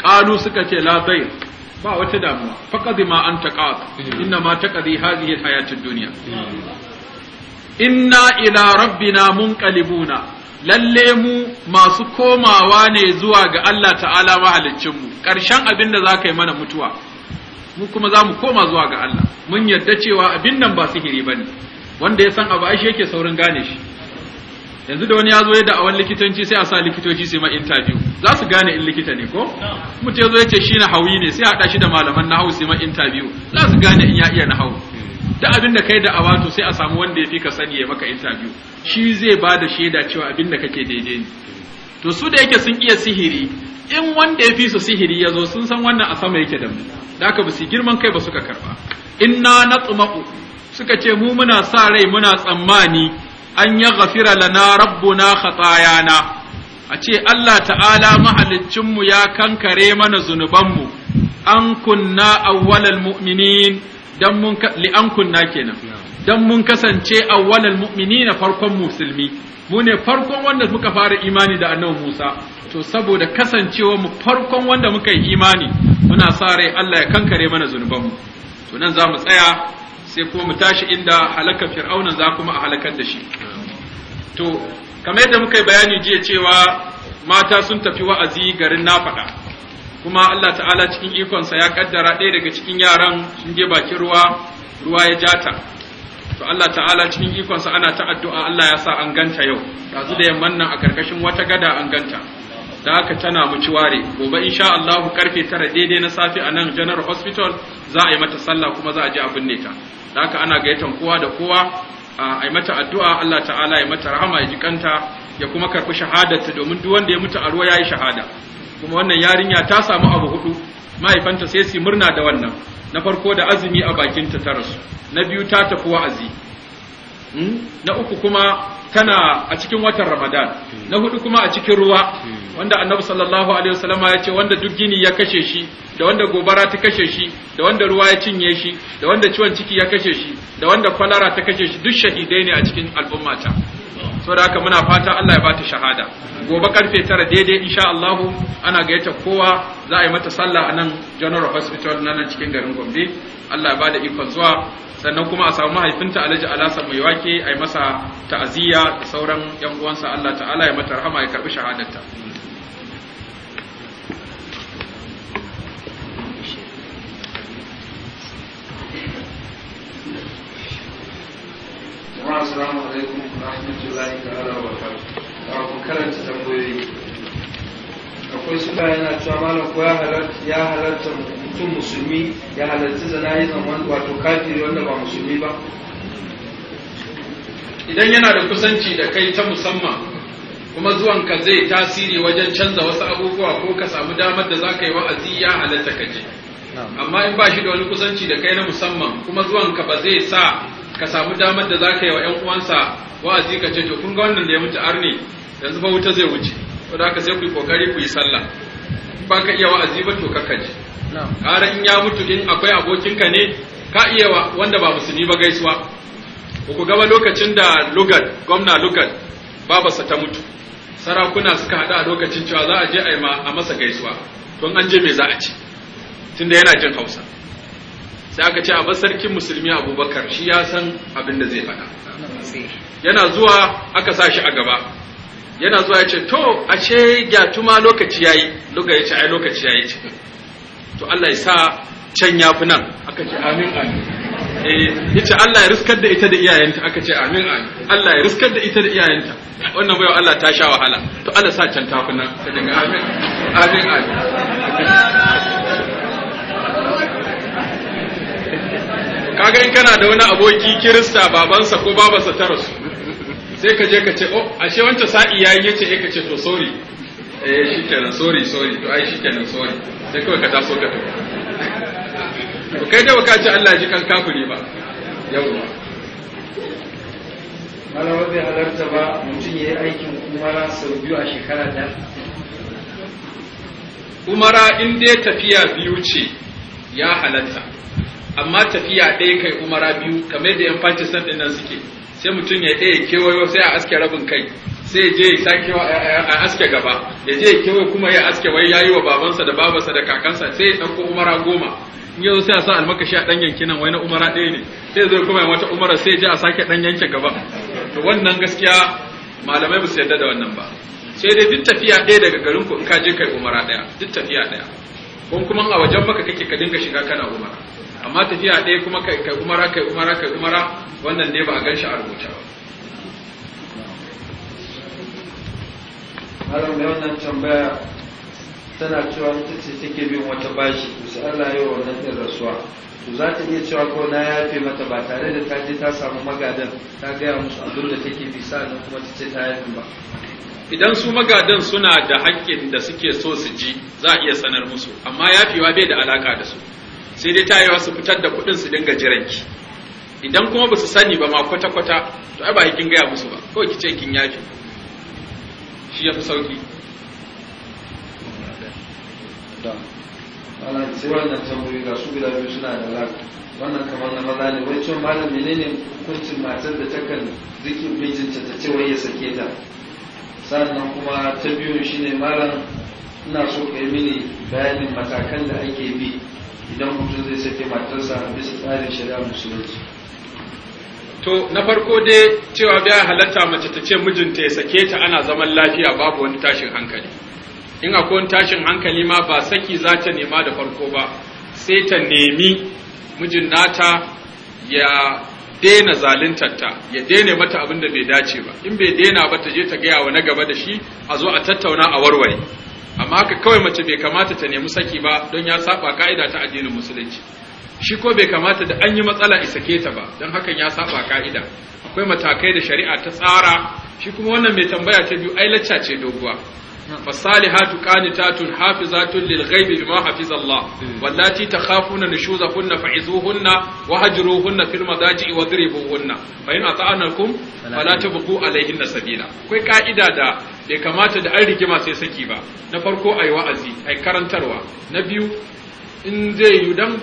qalu suka ce la bayr ba wata damuwa faqad ma anta qad hmm. inna ma taqadi hadhihi alhayatid dunya hmm. inna ila rabbina munqalibuna lalle mu masu komawa ne zuwa ga Allah ta'ala mahaliccinmu Karshen abin da za yi mana mutuwa mu kuma za mu koma zuwa ga Allah mun yadda cewa abin nan ba sihiri ba ne wanda ya san abu ashe yake saurin gane shi yanzu da wani ya zo ya wani likitanci sai a sa likitoci sai ma interview za su gane in likita ne ko mutum ya zo ya shi na hawi ne sai a haɗa shi da malaman na hau sai ma interview za su gane in ya iya na hau da abin da kai da to sai a samu wanda ya fi ka sani ya maka interview shi zai ba da shaida cewa abin da kake daidai ne to su da yake sun iya sihiri in wanda ya fi su sihiri ya zo sun san wannan a sama yake da mu da haka ba girman kai ba suka karba inna natma'u suka ce mu muna sa rai muna tsammani an ya ghafira lana rabbuna khatayana a ce Allah ta'ala mahaliccinmu ya kankare mana zunubanmu an kunna awwalal mu'minin dan mun li an kunna kenan dan mun kasance awwalal mu'minina farkon musulmi mu ne farkon wanda muka fara imani da annabi Musa to saboda kasancewa mu farkon wanda muka yi imani muna sa rai Allah ya kankare mana zunubanmu to nan za mu tsaya sai kuma mu tashi inda halaka fir'aunan za kuma a halakar da shi to kamar yadda muka yi bayani jiya cewa mata sun tafi wa'azi garin nafaɗa kuma Allah ta'ala cikin ikonsa ya kaddara ɗaya daga cikin yaran sun je bakin ruwa ruwa ya jata to Allah ta'ala cikin ikonsa ana ta addu'a Allah ya sa an ganta yau yanzu da yamman nan a karkashin wata gada an ganta da haka tana muci ware gobe insha Allah karfe 9 daidai na safe a nan General Hospital za a yi mata sallah kuma za a ji a binne ta da haka ana gayyatar kowa da kowa a yi mata addu'a Allah ta'ala ya mata rahama ya ji kanta ya kuma karɓi shahadarta domin duk wanda ya mutu a ruwa ya yi shahada kuma wannan yarinya ta samu abu hudu mahaifanta sai su murna da wannan na farko da azumi a bakinta ta rasu na biyu ta tafi wa'azi hmm? na uku kuma tana a cikin watan ramadan na hudu kuma a cikin ruwa wanda annabi sallallahu alaihi wasallama ya ce wanda duk gini ya kashe shi da wanda gobara ta kashe shi da wanda ruwa ya cinye shi da wanda ciwon ciki ya kashe shi da wanda kwalara ta kashe shi duk shahidai ne a cikin al'ummata saboda haka muna fata Allah ya bata shahada gobe karfe tara daidai insha allahu ana gayyata kowa za a yi mata sallah a nan General Hospital na nan cikin garin Gombe Allah ya bada ikon zuwa sannan kuma a samu mahaifinta Alhaji Alasa mai wake a yi masa ta'aziyya da sauran yan uwansa Allah ta'ala ya mata rahama ya karbi shahadarta kuma assalamu alaikum rahmatullahi ta'ala wa barakatuh karanta tambayoyi akwai suka yana cewa malam ko ya halarta mutum musulmi ya halarci zana'izan wato kafiri wanda ba musulmi ba idan yana da kusanci da kai ta musamman kuma zuwanka zai tasiri wajen canza wasu abubuwa ko ka samu damar da za ka yi wa'azi ya halatta ka je amma in ba shi da wani kusanci da kai na musamman kuma zuwanka ba zai sa ka samu damar da za ka yi wa 'yan uwansa wa'azi ka ce to kun ga wannan da ya mutu arni yanzu ba wuta zai wuce ko da ka sai ku yi kokari ku yi sallah ba ka iya wa'azi ba to kaji. ji in ya mutu in akwai abokinka ne ka iya wa wanda ba musulmi ba gaisuwa ku gaba lokacin da Lugard, gwamna lugal babarsa ta mutu sarakuna suka haɗu a lokacin cewa za a je a yi a masa gaisuwa don an je me za a ci tunda yana jin hausa sai aka ce a sarkin musulmi abubakar shi ya san abin da zai faɗa yana zuwa aka sa shi a gaba yana zuwa ya ce to a ce gyatuma lokaci ya yi? luga ya ce ai lokaci yi ce to Allah ya sa can ya fi nan aka ce amin amin eh ce Allah ya riskar da ita da iyayenta aka ce amin amin Allah ya riskar da ita da iyayenta wannan bayan Allah ta sha wahala to Allah sa can ta fi nan sai daga amin amin amin kaga in kana da wani aboki kirista babansa ko babansa ta rasu sai ka je ka ce oh ashe wancan sa'i ya yi yace eh, ka ce to sorry eh shikenan sorry sorry to ai shikenan sorry sai kawai ka taso ka to kai da baka ce Allah ji kan kafiri ba yawwa malawa bai halarta ba mutum ya yi aikin umara sau biyu a shekara da umara in dai tafiya biyu ce ya halatta amma tafiya ɗaya kai umara biyu kamar da yan san ɗin nan suke sai mutum ya ɗaya kewayo sai a aske rabin kai sai ya je ya sake a aske gaba ya je ya kewayo kuma ya aske wai yayi wa babansa da babansa da kakansa sai ya ɗauko umara goma in yanzu sai a sa almakashi a ɗan yanki nan wai na umara ɗaya ne sai zai kuma wata umara sai ya je a sake ɗan yanke gaba to wannan gaskiya malamai ba su yarda da wannan ba sai dai duk tafiya ɗaya daga garin ku in ka je kai umara ɗaya duk tafiya ɗaya kun kuma a wajen maka kake ka dinga shiga kana umara amma tafiya ɗaya kuma kai kai umara kai umara kai umara wannan dai ba a ganshi a rubuta ba Malam mai wannan tambaya tana cewa ita ce take bin wata bashi to Allah Allah ya wannan ɗin rasuwa to za ta iya cewa ko na yafe mata ba tare da ta je ta samu magadan ta gaya musu abin da take bi sa'an kuma ta ce ta yafe ba idan su magadan suna da haƙƙin da suke so su ji za a iya sanar musu amma yafewa bai da alaka da su sai dai ta yi wasu fitar da kuɗin su dinga jiranki idan kuma ba su sani ba ma kwata-kwata to ai ba kin gaya musu ba ko ki ce kin yaki shi ya fi sauki wannan sai wannan tambayoyi ga su guda biyu suna da lafi wannan kamar na maza ne wai cewa malam menene hukuncin matar da ta kan zikin mijinta ta ce wai ya sake ta sannan kuma ta biyun shine malam ina so ka yi mini bayanin matakan da ake bi idan mutum zai sake matarsa bisa tsarin shari'a musulunci to na farko dai cewa biya halatta mace ta ce mijinta ya sake ta ana zaman lafiya babu wani tashin hankali in akwai wani tashin hankali ma ba saki za ta nema da farko ba sai ta nemi mijin nata ya daina zaluntarta ya daina mata abin da bai dace ba in bai daina ba ta je ta gaya wa na gaba da shi a zo a tattauna a warware amma haka kawai mace bai kamata ta nemi saki ba don ya saba ka'ida ta addinin musulunci shi ko bai kamata da an yi matsala isake ta ba don hakan ya saba ka'ida akwai matakai da shari'a ta tsara shi kuma wannan mai tambaya ta biyu ai lacca ce doguwa fasalihatu qanitatun hafizatun lil ghaibi bima hafiza Allah wallati takhafuna nushuzuhunna fa'izuhunna wa hajruhunna fil madaji'i wa dribuhunna fa in ata'anakum fala tabqu alaihinna sabila kai ka'ida da bai kamata da an rigima sai saki ba na farko ai wa'azi ai karantarwa na biyu in zai yi dan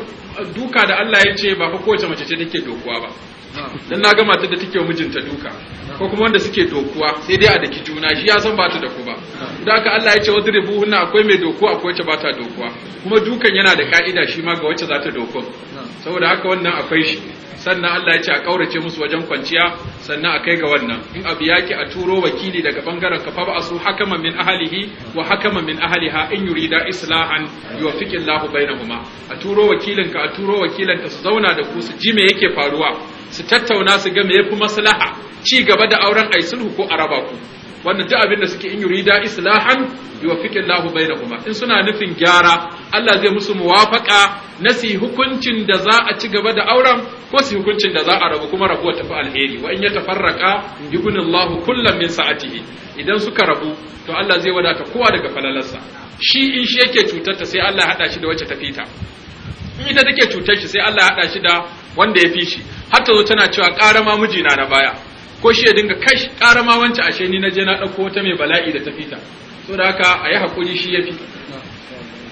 duka da Allah ya ce ba fa kowace mace ce take dokuwa ba dan na ga matar da take mijinta duka ko kuma wanda suke dokuwa sai dai a daki juna shi ya san bata da ku ba don haka Allah ya ce wadda ribuhunna akwai mai dokuwa akwai wacce ba dokuwa kuma dukan yana da ka'ida shi ma ga wacce za ta saboda haka wannan akwai shi sannan Allah ya ce a kaurace musu wajen kwanciya sannan a kai ga wannan in abu yaki a turo wakili daga bangaren ka fa ba su hakama min ahlihi wa hakama min ahliha in yurida islahan yuwaffiqillahu bainahuma a turo wakilin ka a turo wakilan su zauna da ku su ji me yake faruwa su tattauna su ga me yafi maslaha ci gaba da auren ai sulhu ko araba ku wannan duk abin da suke in yurida islahan da bainahuma in suna nufin gyara Allah zai musu muwafaqa na hukuncin da za a ci gaba da auren ko su hukuncin da za a rabu kuma rabuwa tafi alheri wa in ya tafarraqa yugunillahu kullam min sa'atihi idan suka rabu to Allah zai wadata kowa daga falalarsa shi in shi yake cutar ta sai Allah ya hada shi da wacce ta fita in ita take cutar shi sai Allah ya hada shi da wanda ya fi shi har ta zo tana cewa ƙarama mijina na baya ko shi ya dinga kash ƙarama wancan ashe ni na je na ɗauko wata mai bala'i da ta fita so da haka a yi hakuri shi ya fi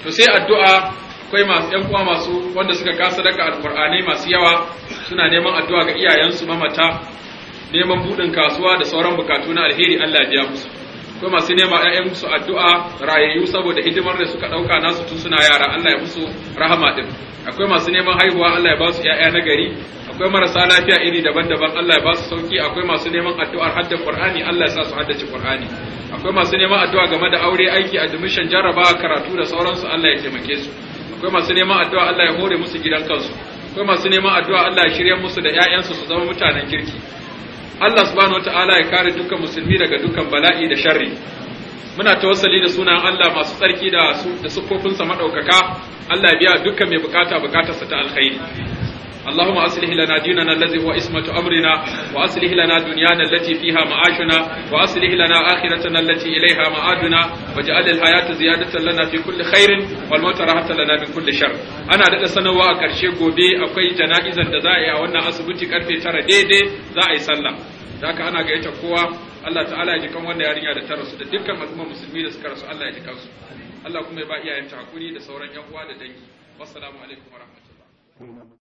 to sai addu'a akwai masu ‘yan uwa masu wanda suka kasa daga alƙur'anai masu yawa suna neman addu'a ga iyayensu mamata neman buɗin kasuwa da sauran bukatu na alheri Allah biya musu akwai masu nema ƴaƴan su addu'a rayayyu saboda hidimar da suka dauka nasu tun suna yara Allah ya musu rahama ɗin. akwai masu neman haihuwa Allah ya ba su ƴaƴa na gari akwai marasa lafiya iri daban-daban Allah ya ba su sauki akwai masu neman addu'ar hadda Qur'ani Allah ya sa su haddace Qur'ani akwai masu neman addu'a game da aure aiki admission jarrabawa karatu da sauransu Allah ya taimake su akwai masu neman addu'a Allah ya hore musu gidan kansu akwai masu neman addu'a Allah ya shirye musu da ƴaƴansu su zama mutanen kirki Allah subhanahu wataala ya kare dukkan musulmi daga dukkan bala'i da sharri muna tawassali da sunan Allah masu tsarki da da maɗaukaka. madaukaka Allah ya biya dukkan mai bukata bukatarsa ta alkhairi اللهم أصلح لنا ديننا الذي هو اسمة أمرنا وأصلح لنا دنيانا التي فيها معاشنا وأصلح لنا آخرتنا التي إليها معادنا واجعل الحياة زيادة لنا في كل خير والموت راحة لنا من كل شر أنا daɗa sanarwa a karshe gobe akwai jana'izar da za a yi a wannan asibiti karfe tara daidai za a yi sallah da haka ana gayyata kowa Allah ta'ala ya ji kan wannan yarinya da ta rasu da dukkan al'umma musulmi da suka rasu Allah ya ji Allah kuma ya ba iyayenta hakuri da sauran yan uwa da dangi wassalamu alaikum